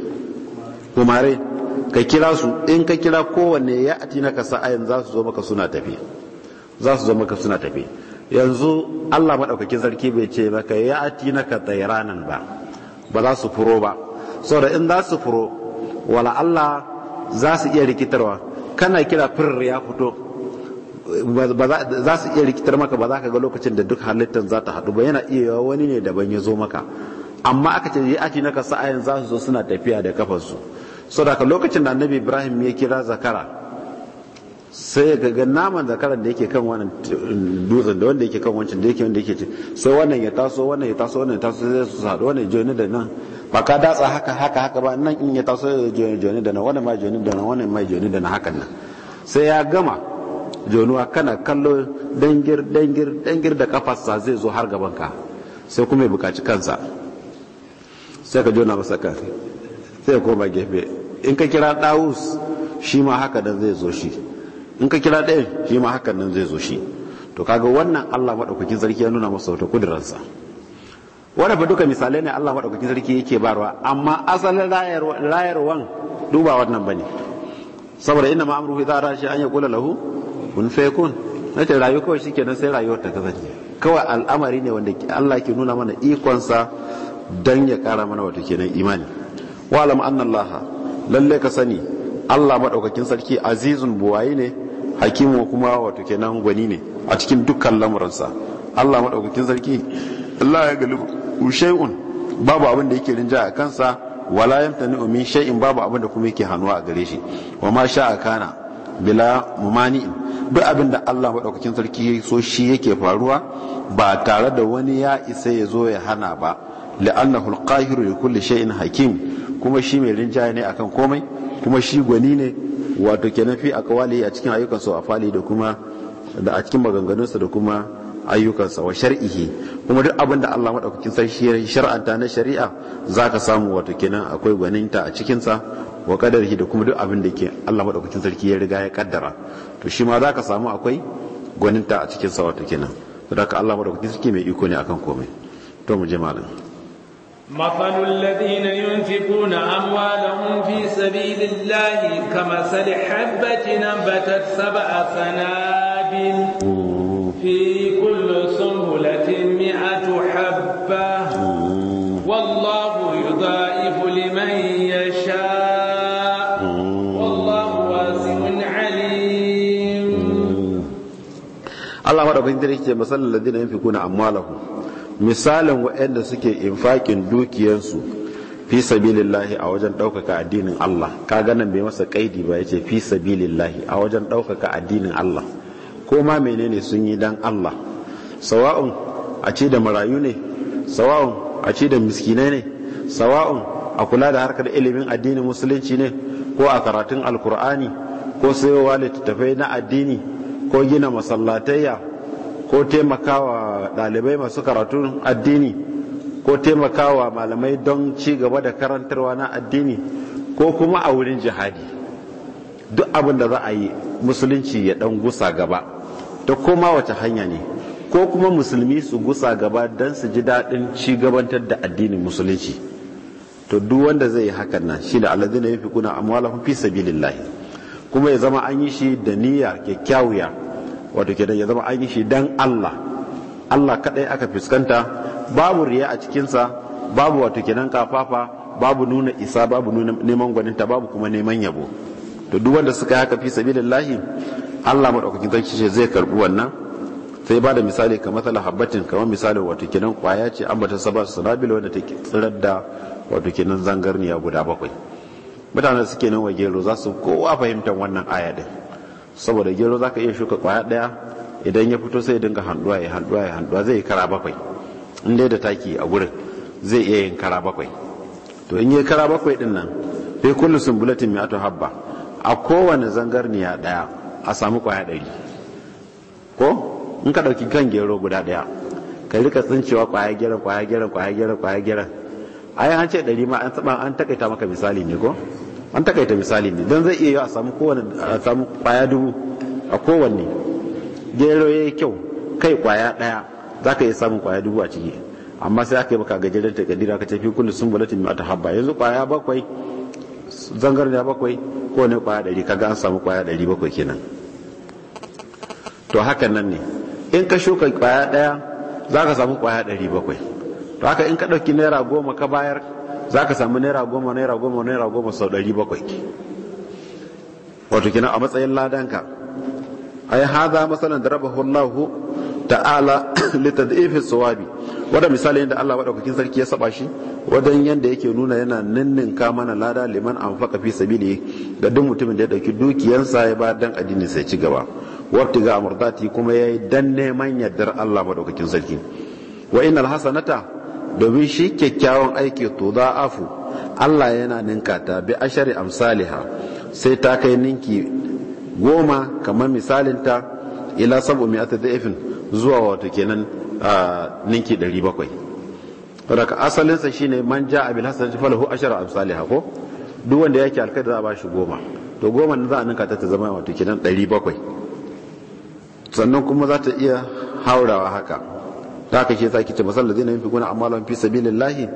kumare ka kira su in ka kira kowanne ya a na ka sa'ayin za su zo maka suna tafi za su zo maka suna tafi yanzu Allah maɗaukakin sarki bai ce maka ya ati na ka tsairanan ba ba za su furo ba da in za su furo wala Allah za su iya rikitarwa kana kira firar ya fito za su iya rikitar maka ba za ka ga lokacin da duk halittar za ta haɗu ba yana iya yawa wani ne daban ya zo maka amma aka ce ya ati na ka sa'ayin za su zo suna tafiya da kafarsu ka lokacin da annabi ibrahim ya kira zakara sai ga ga naman zakaran da yake kan wannan dutsen da wanda yake kan wancan da yake wanda yake ce sai wannan ya taso wannan ya taso wannan ya taso sai su sadu wannan ya joni da nan ba ka datsa haka haka haka ba nan in ya taso ya joni da nan wannan ma joni da nan wannan ma joni da nan hakan nan sai ya gama jonuwa kana kallo dangir dangir dangir da kafarsa zai zo har gaban ka sai kuma ya bukaci kansa sai ka jona masa ka sai ya koma gefe in ka kira dawus shi ma haka dan zai zo shi in ka kira ɗaya shi ma hakan nan zai zo shi to kaga wannan Allah maɗaukakin sarki ya nuna masa wata kudurarsa wadda fa duka misalai ne Allah maɗaukakin sarki yake barwa amma asalin rayarwan duba wannan bane saboda inna ma zara shi an kula kula lahu kun na ce rayu kawai shi shikenan sai rayuwar ta kasance kawai al'amari ne wanda Allah ke nuna mana ikonsa dan ya kara mana wata kenan imani wa alam annallaha lalle ka sani Allah maɗaukakin sarki azizun buwayi ne hakimu kuma wato kenan gwani ne a cikin dukkan lamuransa Allah madaukakin sarki Allah ya galibu shay'un babu abin da yake rinja a kansa wala yamtani min shay'in babu abin da kuma yake hannuwa a gare shi wa ma sha'a kana bila mumani'in duk abinda da Allah madaukakin sarki so shi yake faruwa ba tare da wani ya isa ya zo ya hana ba la'annahu al-qahiru li kulli shay'in hakim kuma shi mai rinjaye ne akan komai kuma shi gwani ne wato kenan a kawali a cikin ayyukansa a fali da kuma da a cikin maganganunsa da kuma ayyukansa wa shar'ihi kuma duk abin da Allah madaukakin sarki shar'anta na shari'a za ka samu wato kenan akwai gwaninta a cikinsa sa wa qadarihi da kuma duk abin da ke Allah madaukakin sarki ya riga ya kaddara to shi ma za ka samu akwai gwaninta a cikinsa wato kenan saboda Allah madaukakin sarki mai iko ne akan komai to mu je malam مثل الذين ينفقون أموالهم في سبيل الله كمثل حبة أنبتت سبع سنابل في كل سنبلة مئة حبة والله يضاعف لمن يشاء والله واسع عليم الله رب مثل الذين ينفقون أموالهم misalin waɗanda suke infakin dukiyarsu fi sabilillahi a wajen ɗaukaka addinin Allah ka nan bai masa kaidi ba yace fi sabilillahi a wajen ɗaukaka addinin Allah ko ma menene sun yi dan Allah sawa'un a ci da marayu ne sawa'un a ci da miskinai ne sawa'un a kula da harkar ilimin addinin musulunci ne ko a karatun alkur'ani ko sayowa littattafai na addini ko gina masallatayya ko taimakawa dalibai masu karatun addini ko taimakawa malamai don ci gaba da karantarwa na addini ko kuma a wurin jihadi duk abin da za a yi musulunci ya dan gusa gaba ta koma wace hanya ne ko kuma musulmi su gusa gaba don su ji daɗin ci gabantar da addinin musulunci to duk wanda zai yi hakan nan shi da ya fi kuna amwalahum fi sabilillahi kuma ya zama an yi shi da niyya kyakkyawuya wato kenan ya zama an yi shi dan Allah Allah kadai aka fuskanta babu riya a cikinsa babu wato kenan kafafa babu nuna isa babu nuna neman gwaninta babu kuma neman yabo to duk wanda suka haka fi sabilillahi Allah madaukakin sarki ce zai karbi wannan sai ba da misali kamar sala habbatin kamar misali wato kenan kwaya ce an bata saba sanabil wanda take tsirar da wato kenan zangarniya guda bakwai mutanen suke nan wa gero za su kowa fahimtar wannan aya din saboda gero za ka iya shuka kwaya ɗaya idan ya fito sai dinga handuwa ya handuwa ya handuwa zai yi kara bakwai in dai da taki a gurin zai iya yin kara bakwai to in yi kara bakwai din nan fi kullu sumbulatin mi ato habba a kowane zangarniya ɗaya a sami kwaya ɗari ko in ka ɗauki kan gero guda ɗaya ka rika tsincewa kwaya geron kwaya geron kwaya geron kwaya geron ai an ce ɗari ma an taɓa an taƙaita maka misali ne ko an takaita misali ne don zai iya yi a samu kowane a samu kwaya dubu a kowanne gero ya yi kyau kai kwaya daya za ka iya samun kwaya dubu a ciki amma sai aka yi baka gajeren takardira ka tafi kullu sun bulatin ta habba yanzu kwaya bakwai zangar da bakwai ko ne kwaya ɗari ka an samu kwaya ɗari bakwai kenan to hakan nan ne in ka shuka kwaya ɗaya za ka samu kwaya ɗari bakwai to haka in ka ɗauki naira goma ka bayar za ka samu naira goma naira goma naira goma sau ɗari bakwai wato kina a matsayin ladanka ai haza masalan da rabahu Allah ta'ala litad'ifi sawabi wadda misali yadda Allah madaukakin sarki ya saba shi wadan yadda yake nuna yana ninninka mana lada liman faka fi sabili ga duk mutumin da ya dauki dukiyansa ya ba dan addinin sai ci gaba wabti ga amurdati kuma ya yi dan neman yardar Allah maɗaukakin sarki wa inal hasanata domin shi kyakkyawan aiki to za afu Allah yana ninka ta bi ashari amsaliha sai ta kai ninki goma kamar misalinta ila sabu mai ata da'ifin zuwa wata kenan ninki 700 daga asalinsa shine man ja abil hasan falahu ashara amsaliha ko duk wanda yake alkhairi za a bashi goma to goma ne za a ninka ta ta zama wata kenan 700 sannan kuma za ta iya haurawa haka da haka shi sake ce masal ladina amma lafi sabilin lahi.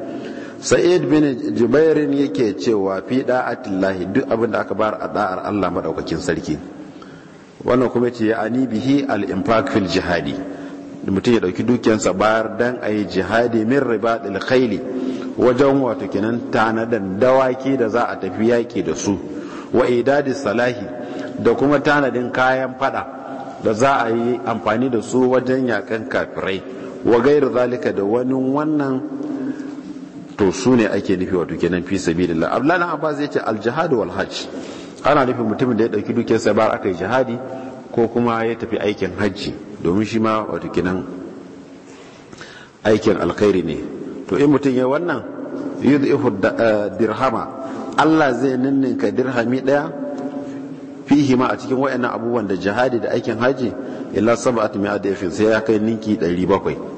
sa'id bin jibairin yake cewa fi lahi duk abin da aka bar a da'ar Allah maɗaukakin sarki wannan kuma ce ya ani bihi al-infaq fil jihadi mutum ya ɗauki dukiyarsa bayar dan yi jihadi min ribadil khayli wajen wato kenan tanadan dawaki da za a tafi yaki da su wa idadis salahi da kuma tanadin kayan fada da za a yi amfani da su wajen yakan kafirai wa gairu zalika da wani wannan to su ne ake nufi wato kenan fi sabilillah abdullahi abbas yace al jihad wal hajj ana nufin mutumin da ya dauki sa ba aka yi jihadi ko kuma ya tafi aikin hajji domin shi ma wato kenan aikin alkhairi ne to in mutum ya wannan yudhifu eh, dirhama Allah zai ninninka dirhami daya fihi ma a cikin wayannan abubuwan da jihadi da aikin hajji illa sab'atu mi'adafin sai ya kai ninki 700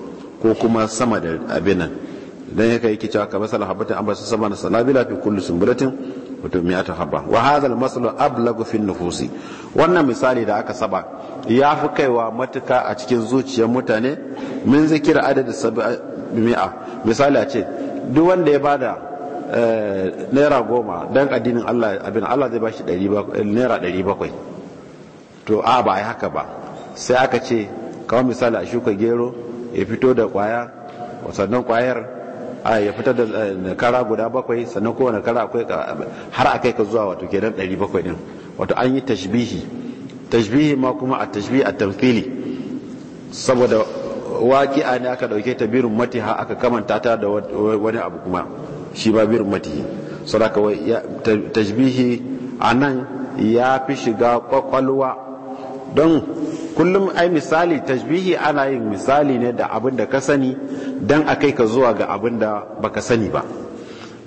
ko kuma sama da abin nan dan yake yake cewa ka sala habatin an basu sama da salabila fi kulli sumbulatin wato mi'ata habba wa hadha al-maslu ablagu fi nufusi wannan misali da aka saba ya fi kaiwa matuka a cikin zuciyar mutane min zikira adadin mi'a misali a ce duk wanda ya bada eh, naira goma dan addinin Allah abin Allah zai bashi naira ɗari bakwai to a ba a yi haka ba sai aka ce kawai misali a shuka gero ya fito da kwaya sannan kwayar a ya fitar da eh, kara guda bakwai sannan kowane kara akwai har a kai ka zuwa wato kenan ɗari bakwai ɗin wato an yi tashbihi tashbihi ma kuma a tashbihi a tamfili saboda waƙi'a ne aka ɗauke ta birin mati ha aka kamanta ta da wani abu kuma shi ba birin mati saboda tashbihi a nan ya fi shiga kwakwalwa don kullum ai misali tashbihi ana yin misali ne da abin da ka sani don a kai ka zuwa ga abin da baka sani ba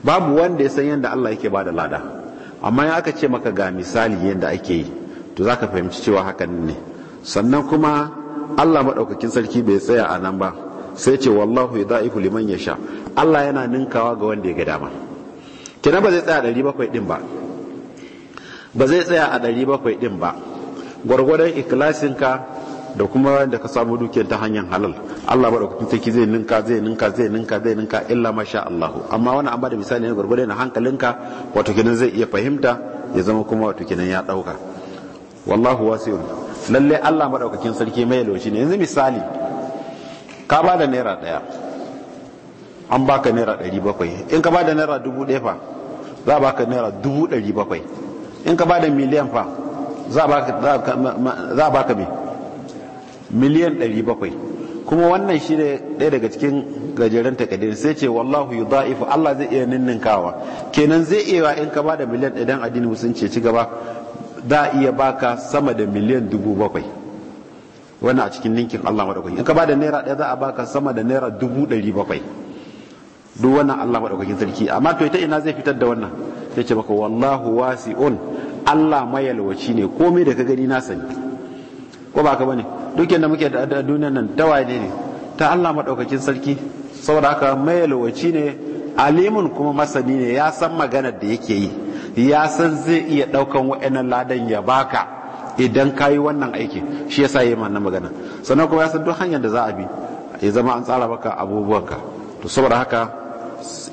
babu wanda ya san yadda Allah yake bada lada amma ya aka ce maka ga misali yadda ake yi to za ka fahimci cewa hakan ne sannan kuma Allah maɗaukakin sarki bai tsaya a nan ba sai ce wallahu yudha'ifu liman sha. Allah yana ninkawa ga wanda ya ga dama kenan ba zai tsaya a ɗari din ba zai tsaya a ba gwargwadon ikilasinka da kuma da ka samu dukiyar ta hanyar halal Allah ba da kuma take zai ninka zai ninka zai ninka zai ninka illa masha Allah amma wani an bada misali ne gwargwado na hankalinka wato kenan zai iya fahimta ya zama kuma wato kenan ya ɗauka wallahu wasi'un lalle Allah madaukakin sarki mai lauci ne yanzu misali ka ba da naira ɗaya an baka naira ɗari bakwai in ka ba da naira dubu ɗaya fa za a baka naira dubu ɗari bakwai in ka ba da miliyan fa za a baka mai miliyan 700 kuma wannan shi ne ɗaya daga cikin gajeren takardun sai ce wallahu yu da'ifu Allah zai iya ninninkawa kenan zai iya wa in ka ba da miliyan ɗaya addini musulunci ci gaba za a iya baka sama da miliyan 700 wannan a cikin ninkin Allah madaukaki in ka ba da naira ɗaya za a baka sama da naira 700 duk wannan Allah madaukakin sarki amma to ita ina zai fitar da wannan ce maka wallahu wasi'un Allah mayalwaci ne komai da ka gani na sani ko ba ka bane dukkan da muke da duniyar nan ta waye ne ta Allah madaukakin sarki saboda haka mayalwaci ne alimun kuma masani ne ya san maganar da yake yi ya san zai iya ɗaukan wa'annan ladan ya baka idan ka yi wannan aikin shi yasa yi wannan magana sannan kuma ya san duk hanyar da za a bi ya zama an tsara maka abubuwanka to saboda haka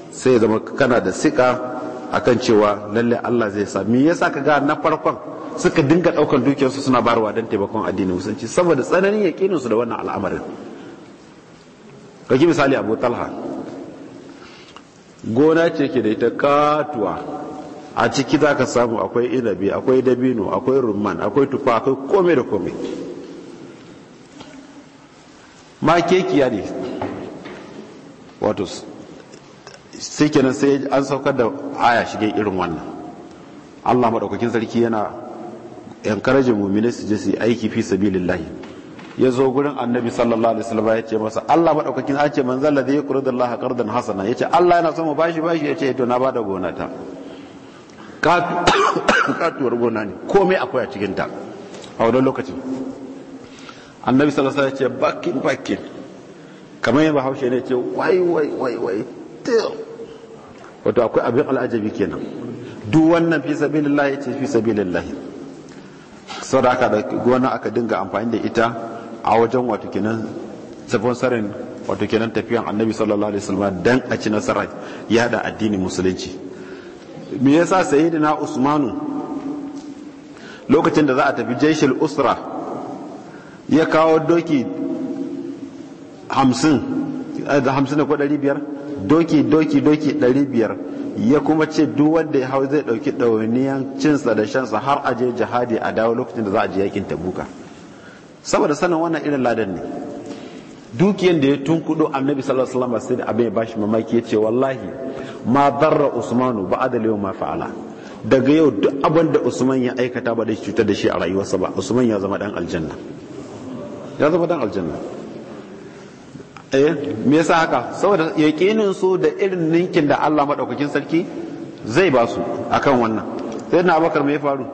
sai ya zama kana da sika akan cewa lalle Allah zai sa me yasa ka ga na farkon suka dinga daukan dukiyarsu suna barwa don taimakon addinin musulunci saboda tsananin yakinin su da wannan al'amarin kaki misali Abu Talha gona ce ke da ita katuwa a ciki za ka samu akwai inabi akwai dabino akwai rumman akwai tufa akwai kome da kome ma kekiya ne wato sai kenan sai an saukar da aya shige irin wannan Allah madaukakin sarki yana encouraging mu'mini su je su aiki fi sabilillahi ya zo gurin annabi sallallahu alaihi wasallam ya ce masa Allah madaukakin an ce man zalla zai yaqridu Allah qardan hasana ce Allah yana son mu bashi bashi ce to na bada gona ta katuwar gona ne komai akwai a cikin ta a wannan lokacin annabi sallallahu alaihi wasallam ya ce bakin bakin kamar yadda bahaushe ne ce wai wai wai wai wato akwai abin al'ajabi kenan duk wannan fi sabilillah ya ce fi sabilillah sau da aka gona aka dinga amfani da ita a wajen wato kenan sarin wato kenan tafiyan annabi sallallahu alaihi wasallam dan a ci nasara ya da addinin musulunci me yasa sayyidina usmanu lokacin da za a tafi jaishil usra ya kawo doki hamsin da eh, hamsin da kwadari biyar doki doki doki ɗari biyar ya kuma ce duk wanda ya hau zai ɗauki ɗawainiyan cinsa da shansa har a je jihadi a dawo lokacin da za a je yakin tabuka saboda sanin wannan irin ladan ne dukiyan da ya tunkudo annabi sallallahu alaihi wasallam sai da abin ya bashi mamaki yace wallahi ma darra usmanu ba adal yau ma fa'ala daga yau duk abin da usman ya aikata ba da cutar da shi a rayuwarsa ba usman ya zama dan aljanna ya zama dan aljanna eh me yasa haka saboda yaqinin su da irin ninkin da Allah madaukakin sarki zai ba su akan wannan sai na abakar mai faru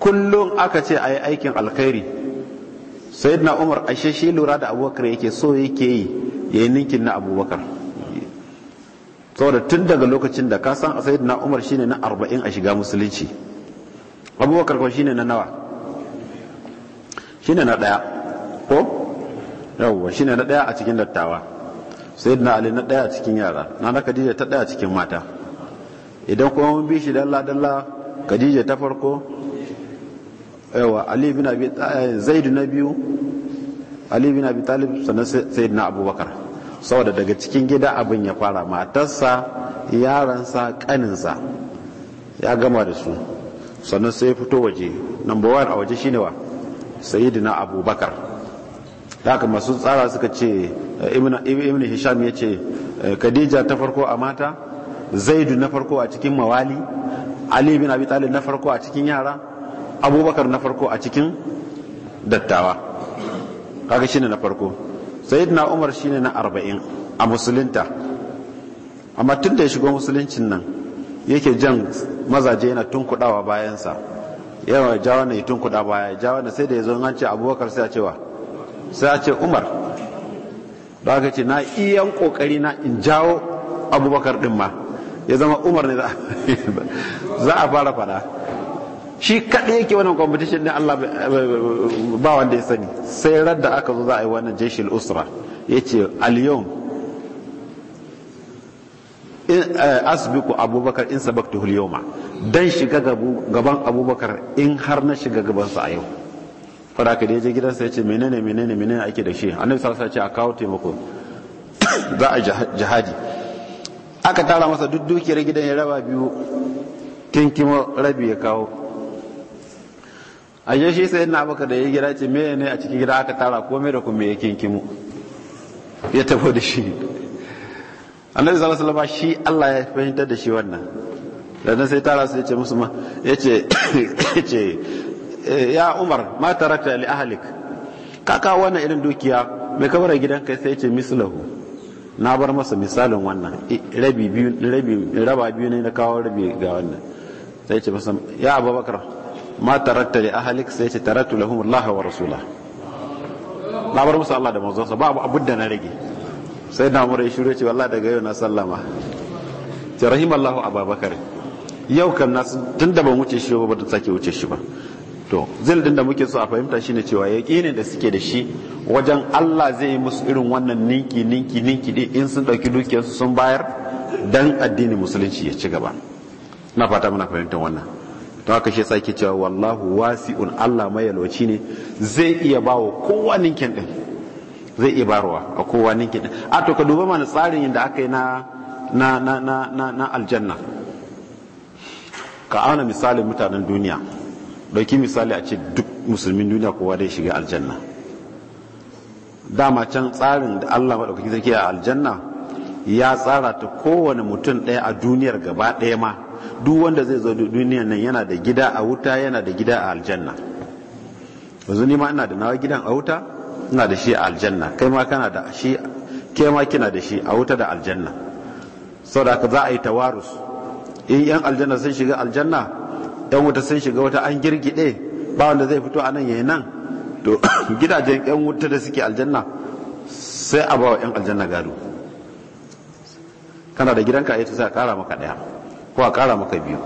kullum aka ce ayi aikin alkhairi sayyidina umar ashe shi lura da abubakar yake so yake yi yi ninkin na abubakar saboda tun daga lokacin da ka san sayyidina umar shine na 40 a shiga musulunci abubakar kuma shine na nawa shine na daya ko yawwa ne na ɗaya a cikin dattawa sayyidina ali na ɗaya a cikin yara na na khadija ta ɗaya a cikin mata idan kuma mun bi shi dalla dalla khadija ta farko yawwa ali bin abi eh, zaid na biyu ali bin abi talib sannan na abubakar saboda daga cikin gida abin ya fara matarsa yaransa kaninsa ya gama da su sannan sai fito waje number 1 a waje shine wa sayyidina abubakar da haka masu tsara suka ce eh, ibn hisham ya ce eh, khadija ta farko a mata zaidu na farko a cikin mawali ali bin abi talib na farko a cikin yara abubakar na farko a cikin dattawa kaga shine na farko sayyidina umar shine na arba'in a musulunta amma tun da ya shigo musuluncin nan yake jan mazaje yana tunkudawa bayansa yawa na yi tun tunkuda baya ja da sai da ya zo an ce abubakar sai a cewa sai a ce umar da aka ce na iyan kokari na in jawo abubakar din ma ya zama umar ne za a fara fada shi kaɗai yake wannan competition din Allah ba wanda ya sani sai radda aka zo za a yi wannan jeshil usra ya ce aliyom eh, asbiku abubakar in sabaktu hulyoma don shiga gaban abubakar in har na shiga gabansa a yau fara ka je gidan sai ce menene menene menene ake da shi annabi sallallahu alaihi wasallam ya ce a kawo taimako za a jihadi aka tara masa duk dukiyar gidan ya raba biyu kinkimo rabi ya kawo a shi sai na baka da ya gida ce menene a cikin gida aka tara kome da kuma ya kinkimo ya tabo da shi annabi sallallahu alaihi wasallam shi Allah ya fahimtar da shi wannan dan sai tara su ya ce musu ma ya ce Eh, ya umar ma tarata li ahlik kaka wannan irin dukiya mai kamar gidan kai sai ce mislahu na bar masa misalin wannan rabi biyu rabi raba biyu ne na kawo rabi ga wannan sai ce masa ya abubakar ma tarata li ahlik sai ce taratu lahum allah wa rasula na bar musu allah da manzon sa ba abu da na rage sai na mura ya shiru ce wallahi daga yau na sallama ta rahimallahu abubakar yau kan nasu tun da ban wuce shi ba ba ta sake wuce shi ba to zildin da muke so a fahimta ne cewa ne da suke da shi wajen Allah zai yi musu irin wannan ninki ninki ninki din in sun ɗauki dukiyarsu sun bayar dan addinin musulunci ya ci gaba na fata muna fahimtar wannan to haka shi sake cewa wallahu wasi'un Allah mai yalwaci ne zai iya bawo kowa ninkin din zai iya barwa a kowa ninkin din a to ka duba mana tsarin da aka yi na na aljanna ka auna misalin mutanen duniya ɗauki misali a ce duk musulmin duniya kowa dai shiga aljanna dama can tsarin da allah maɗaukaki sarki a aljanna ya tsara ta kowane mutum ɗaya a duniyar gaba ɗaya ma duk wanda zai zo duniyar nan yana da gida a wuta yana da gida a aljanna yanzu ni ma ina da nawa gidan a wuta ina da shi a aljanna kai ma kana da shi ke ma kina da shi a wuta da aljanna saboda haka za a yi tawarus in yan aljanna sun shiga aljanna yan wuta sun shiga wata an girgide ba wanda zai fito anan yayi nan to gidajen yan wuta da suke aljanna sai a bawa yan aljanna gado kana da gidanka ai eh sai a kara maka daya ko a kara maka biyu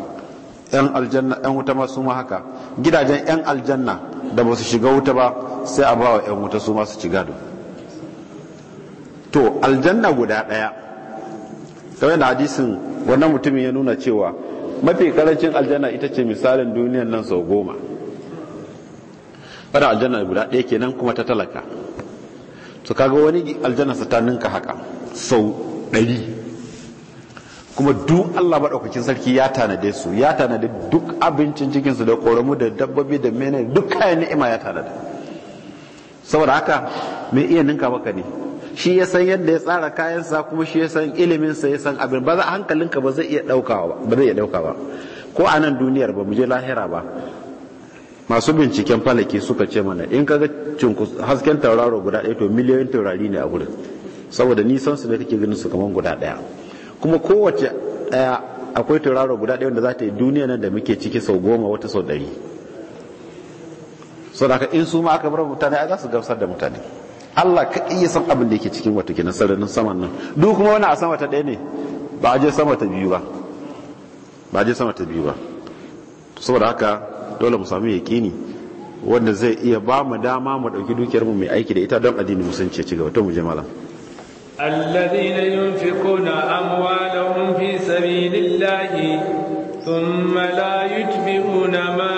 yan aljanna yan wuta ma su ma haka gidajen yan aljanna da ba su shiga wuta ba sai a bawa yan wuta su ma su ci gado to aljanna guda daya kawai da hadisin wannan mutumin ya nuna cewa mafi karancin aljanna ita ce misalin duniyan nan sau goma da aljanna guda ɗaya kenan kuma ta talaka to kaga wani aljanna sa ta ninka haka sau ɗari kuma duk Allah maɗaukakin sarki ya tanade su ya tanade duk abincin cikinsu da ƙoramu da dabbabi da mene duk kayan ni'ima ya tanada saboda haka mai iya ninka maka ne shi ya san yadda ya tsara kayansa kuma shi ya san iliminsa ya san abin ba za hankalinka ba zai iya ɗaukawa ba zai iya ɗaukawa ba ko a nan duniyar ba mu je lahira ba masu binciken falaki suka ce mana in kaga cinkus hasken tauraro guda ɗaya to miliyoyin taurari ne a gurin saboda nisan su ne kake ganin su kaman guda ɗaya kuma kowace ɗaya akwai tauraro guda ɗaya wanda za ta yi duniya nan da muke ciki sau goma wata sau ɗari saboda in su ma aka bar mutane a za su gamsar da mutane Allah ka iya san abin da yake cikin wato kenan sararin saman nan duk kuma wani a sama ta ɗaya ne ba a je sama ta biyu ba ba a je sama ta biyu ba saboda haka dole mu samu yaƙini wanda zai iya ba mu dama mu ɗauki dukiyar mu mai aiki da ita don addini musulunci ya ci gaba to mu je mala الذين ينفقون أموالهم في سبيل الله ثم لا يتبعون ما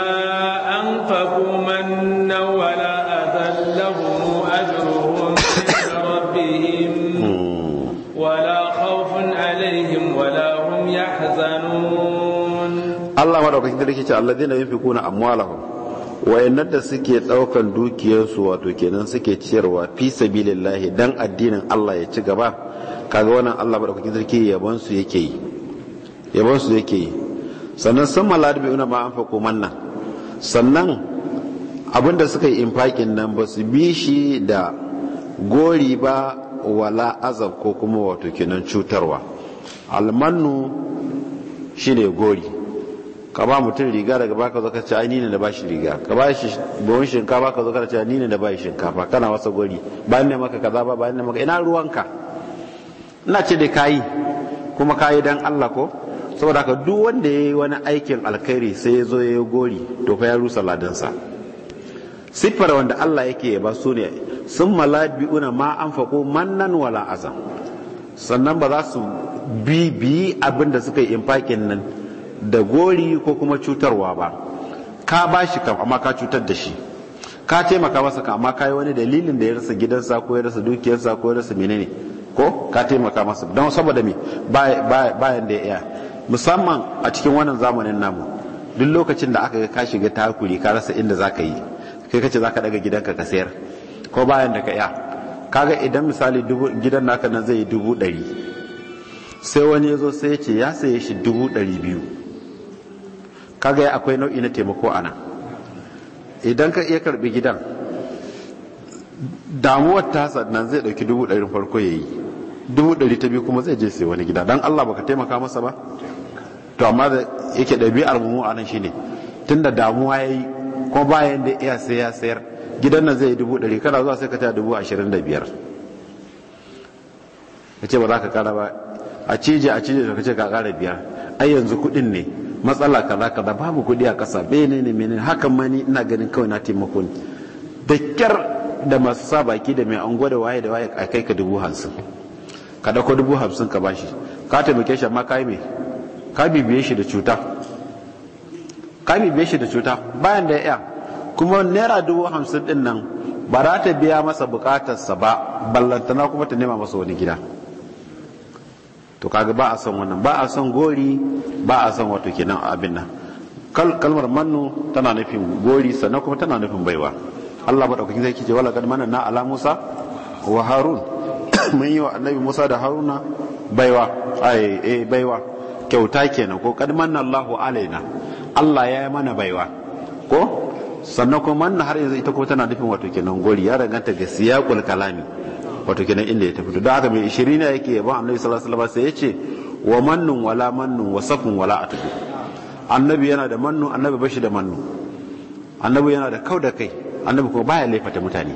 madaukakin sarki ce alladina a amwalahum wayannan da suke daukan dukiyarsu wato kenan suke ciyarwa fi sabilillahi dan addinin Allah ya ci gaba kaga wannan Allah madaukakin sarki yabon su yake yi yabon su yake yi sannan sun malad bi una ma fako manna sannan abinda suka yi infakin nan ba su bi shi da gori ba wala azab ko kuma wato kenan cutarwa almannu shine gori ka ba mutum riga daga baka zo ka ce ni ne da bashi riga ka ba shi buhun shinkafa ka zo ka ci ni ne da bashi shinkafa kana wasa gori ba ne maka kaza ba ba ne maka ina ruwanka ina ce da kayi kuma kayi dan Allah ko saboda haka duk wanda yayi wani aikin alkhairi sai ya zo ya yi gori to fa ya rusa ladansa siffar wanda Allah yake ba su ne sun malabi'una ma an mannan wala azam sannan ba za su bi abin da suka yi infakin nan da gori ko kuma cutarwa ba ka ba shi kam amma ka cutar da shi ka taimaka masa kam amma ka yi wani dalilin da ya rasa gidansa ko ya rasa dukiyarsa ko ya rasa menene ko ka taimaka masa don saboda me bayan da ya iya musamman a cikin wannan zamanin namu duk lokacin da aka ka shiga takuri ka rasa inda za ka yi kai kace za ka daga gidanka ka sayar ko bayan da ka iya kaga idan misali gidan naka nan zai yi dubu ɗari sai wani ya zo sai ya ce ya saye shi dubu ɗari biyu kaga akwai nau'i na taimako a nan idan ka iya karbi gidan damuwar ta sannan zai dauki dubu ɗari farko ya yi dubu ɗari ta biyu kuma zai je sai wani gida don allah baka taimaka masa ba to amma da yake ɗabi'ar mu a nan shine da damuwa ya yi ko bayan da iya sai ya sayar gidan nan zai yi dubu ɗari kana zuwa sai ka ta dubu ashirin da biyar ka ce ba za ka kara ba a cije a cije da ka ce ka kara biyar ai yanzu kuɗin ne matsala kaza kaza babu kuɗi a ƙasa bene ne menene hakan ma ni ina ganin kawai na taimako ne da kyar da masu sa baki da mai ango da waye da waye a kai ka dubu hamsin ka dauko dubu hamsin ka bashi ka taimake shi amma kai mai ka bibiye shi da cuta ka bibiye shi da cuta bayan da ya kuma naira dubu hamsin din nan ba za ta biya masa bukatarsa ba ballantana kuma ta nema masa wani gida to kaga ba a son wannan ba a son gori ba a son wato kenan abin nan kalmar mannu tana nufin gori sannan kuma tana nufin baiwa Allah madaukakin zai kije wala kad manna ala Musa wa Harun mun yi wa annabi Musa da Haruna baiwa ai eh baiwa kyauta kenan ko kad manna Allahu alaina Allah ya yi mana baiwa ko sannan kuma manna har yanzu ita kuma tana nufin wato kenan gori ya danganta ga siyaqul kalami wato kenan inda ya tafi don haka mai ishirina yake ba annabi sallallahu alaihi wasallam sai ya ce wa mannun wala mannun wa safun wala atubu annabi yana da mannu annabi bashi da mannu annabi yana da kau da kai annabi kuma baya laifata mutane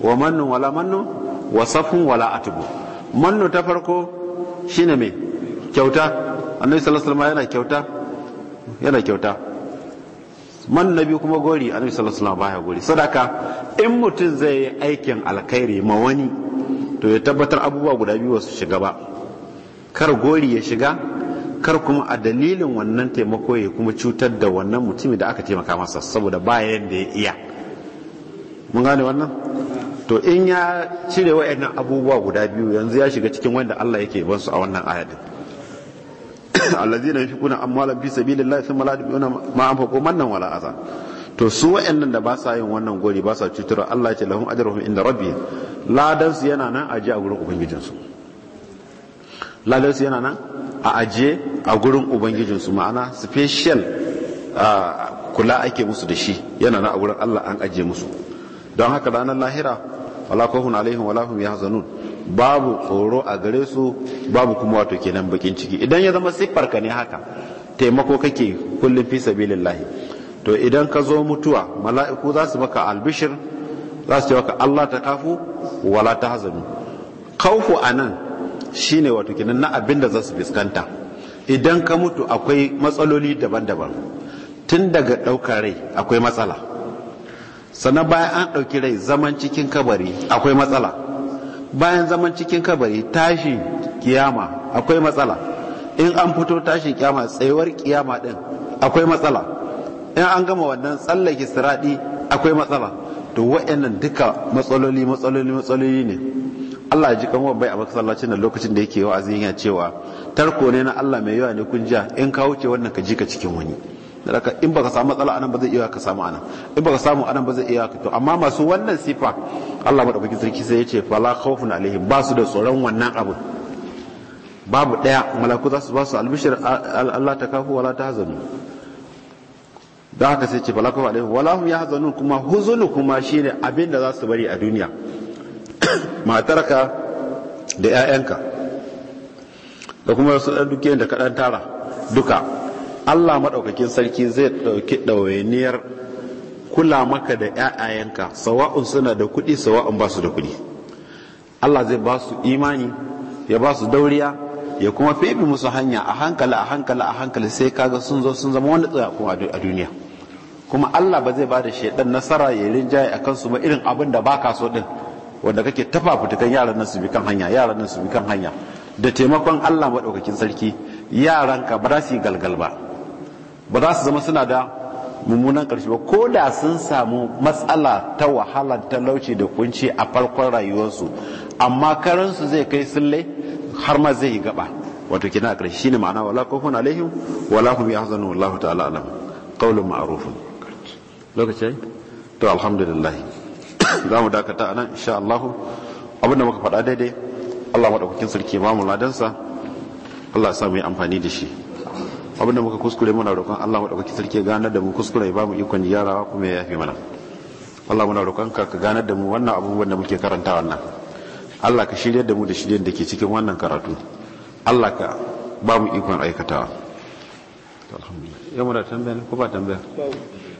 wa mannun wala mannun wa safun wala atubu mannu ta farko shine mai kyauta annabi sallallahu alaihi wasallam yana kyauta yana kyauta man na kuma gori annabi sallallahu alaihi wasallam baya gori sadaka in mutum zai yi aikin alkhairi ma wani to ya tabbatar abubuwa guda biyu su shiga ba kar gori ya shiga kar kuma a dalilin wannan taimako ya kuma cutar da wannan mutumin da aka taimaka masa saboda bayan da ya iya mun gane wannan to in ya cire wa'annan abubuwa guda biyu yanzu ya shiga cikin wanda Allah yake ban su a wannan ayatin allazina yunfiquna amwalan fi sabilillahi thumma la yunfiquna ma anfaqu mannan wala adha to su wa'annan da ba sa yin wannan gori ba sa cutar Allah ce lahum ajruhum inda rabbi ladan su yana nan aje a gurin ubangijin su ladan su yana nan a aje a gurin ubangijin su ma'ana special kula ake musu da shi yana nan a gurin Allah an aje musu don haka ranar lahira wala kohun alaihim wala hum yahzanun babu tsoro a gare su babu kuma wato kenan bakin ciki idan ya zama siffar ka ne haka taimako kake kullum fi sabilillahi to idan ka zo mutuwa mala'iku za su maka albishir za su maka Allah ta kafu wala ta hazanu kaufu a nan shi ne wato kinan na abin da za su fuskanta idan ka mutu akwai matsaloli daban-daban tun daga ɗaukar rai akwai matsala sannan bayan an ɗauki rai zaman cikin kabari akwai matsala bayan zaman cikin kabari tashin kiyama akwai matsala in an fito tashin kiyama tsayuwar kiyama ɗin akwai matsala in an gama wannan tsallake siradi akwai matsala to wa'annan duka matsaloli matsaloli matsaloli ne Allah ya ji kan bai a masallacin nan lokacin da yake wa'azi yana cewa tarko ne na Allah mai yawa ne kun ja in ka wuce wannan ka ji ka cikin wani daga in baka samu matsala anan ba zai iya ka samu anan in baka samu anan ba zai iya ka to amma masu wannan sifa Allah madaukakin sarki sai ya ce fala khawfun alaihim ba su da tsoron wannan abu babu daya malaku za su ba su albishir Allah ta kafu wala ta hazanu don haka sai ce falakum alaihim wala hum yahzanun kuma huzunu kuma shine abin da za su bari a duniya matarka da 'ya'yanka da kuma wasu ɗan dukiyar da kaɗan tara duka allah maɗaukakin sarki zai ɗauki ɗawainiyar kula maka da 'ya'yayenka sawa'un suna da kuɗi sawa'un ba su da kuɗi allah zai ba su imani ya ba su dauriya ya kuma febi musu hanya a hankali a hankali a hankali sai kaga sun zo sun zama wani tsaya a duniya kuma Allah ba zai ba da shaidan nasara ya rinjaye a kansu ba irin abin da baka so din wanda kake tafafutukan yaran nan su bi kan hanya yaran nan su bi kan hanya da taimakon Allah maɗaukakin sarki yaranka ba za su yi galgal ba ba za su zama suna da mummunan ƙarshe ba ko da sun samu matsala ta wahalar talauci da kunci a farkon rayuwarsu amma karansu zai kai sulle har ma zai yi gaba wato kina a ƙarshe shine ma'ana wala kofin alaihim wala hum yahzanu wallahu ta'ala alam qaulun ma'rufun lokaci to alhamdulillah za mu dakata a nan insha Allah abinda muka faɗa daidai Allah maɗaukakin sarki ba mu ladansa Allah sa mu yi amfani da shi abinda muka kuskure muna roƙon Allah maɗaukakin sarki ganar da mu kuskure ba mu ikon gyarawa kuma ya yafi mana Allah muna roƙon ka ka gane da mu wannan abubuwan da muke karanta wannan Allah ka shirya da mu da shiryen da ke cikin wannan karatu Allah ka ba mu ikon aikatawa alhamdulillah yau muna tambayar ko ba tambaya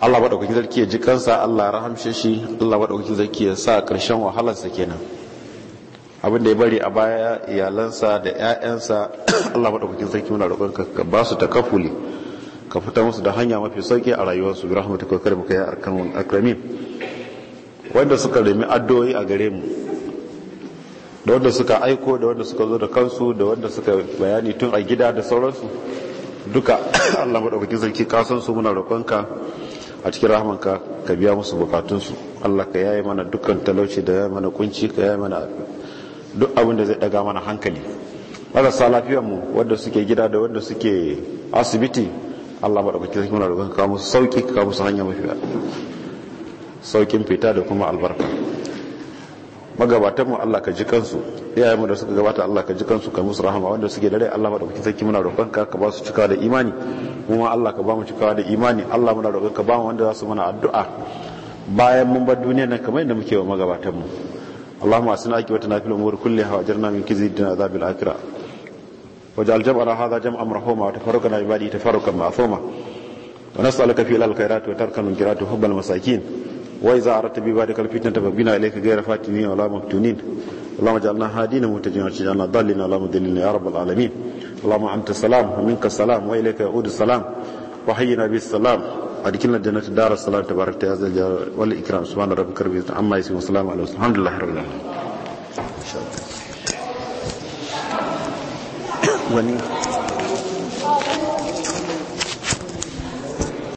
Allah maɗaukakin sarki ya ji kansa Allah ya rahamshe shi Allah maɗaukakin sarki ya sa ƙarshen wahalarsa kenan abin da ya bari a baya iyalansa da 'ya'yansa Allah maɗaukakin sarki muna roƙon ka ba su takafuli ka fita musu da hanya mafi sauƙi a rayuwarsu bi rahmatuka kar muka ya arkan akramin wanda suka remi addu'o'i a gare mu da wanda suka aiko da wanda suka zo da kansu da wanda suka bayani tun a gida da sauransu duka Allah maɗaukakin sarki kasan su muna roƙonka a cikin rahamanka ka biya musu bukatunsu Allah ka yaye mana dukkan talauci da yaye mana kunci ka yaye mana duk abin da zai daga mana hankali marasa lafiyar mu wanda suke gida da wanda suke asibiti Allah madaukaki zai mana roƙon ka musu sauki ka musu hanya mafi saukin fita da kuma albarka mu Allah ka ji kansu mu da suka gabata Allah ka ji kansu ka musu rahama wanda suke dare Allah madaukakin sarki muna roƙon ka ba su cikawa da imani kuma Allah ka ba mu cikawa da imani Allah muna ka ba mu wanda za su mana addu'a bayan mun bar duniya nan kamar yadda muke wa magabatanmu Allahumma asina aki wata nafil umur kulliha wa ajirna min kizi dina azabil akhirah واجعل جمعنا هذا جمعا مرحوما وتفرقنا عبادي تفرقا معصوما ونسألك في الخيرات وترك المنكرات وحب المساكين وإذا أردت ببارك الفتنة فبنا إليك غير فاتنين ولا مفتونين اللهم اجعلنا هادين مهتدين واجعلنا ضالين ولا مضلين يا رب العالمين اللهم أنت السلام ومنك السلام وإليك يعود السلام وحينا بالسلام أدخلنا الجنة دار السلام تبارك يا ذا الجلال والإكرام سبحان ربك رب العزة عما يصفون والسلام على المرسلين الحمد لله رب العالمين. وني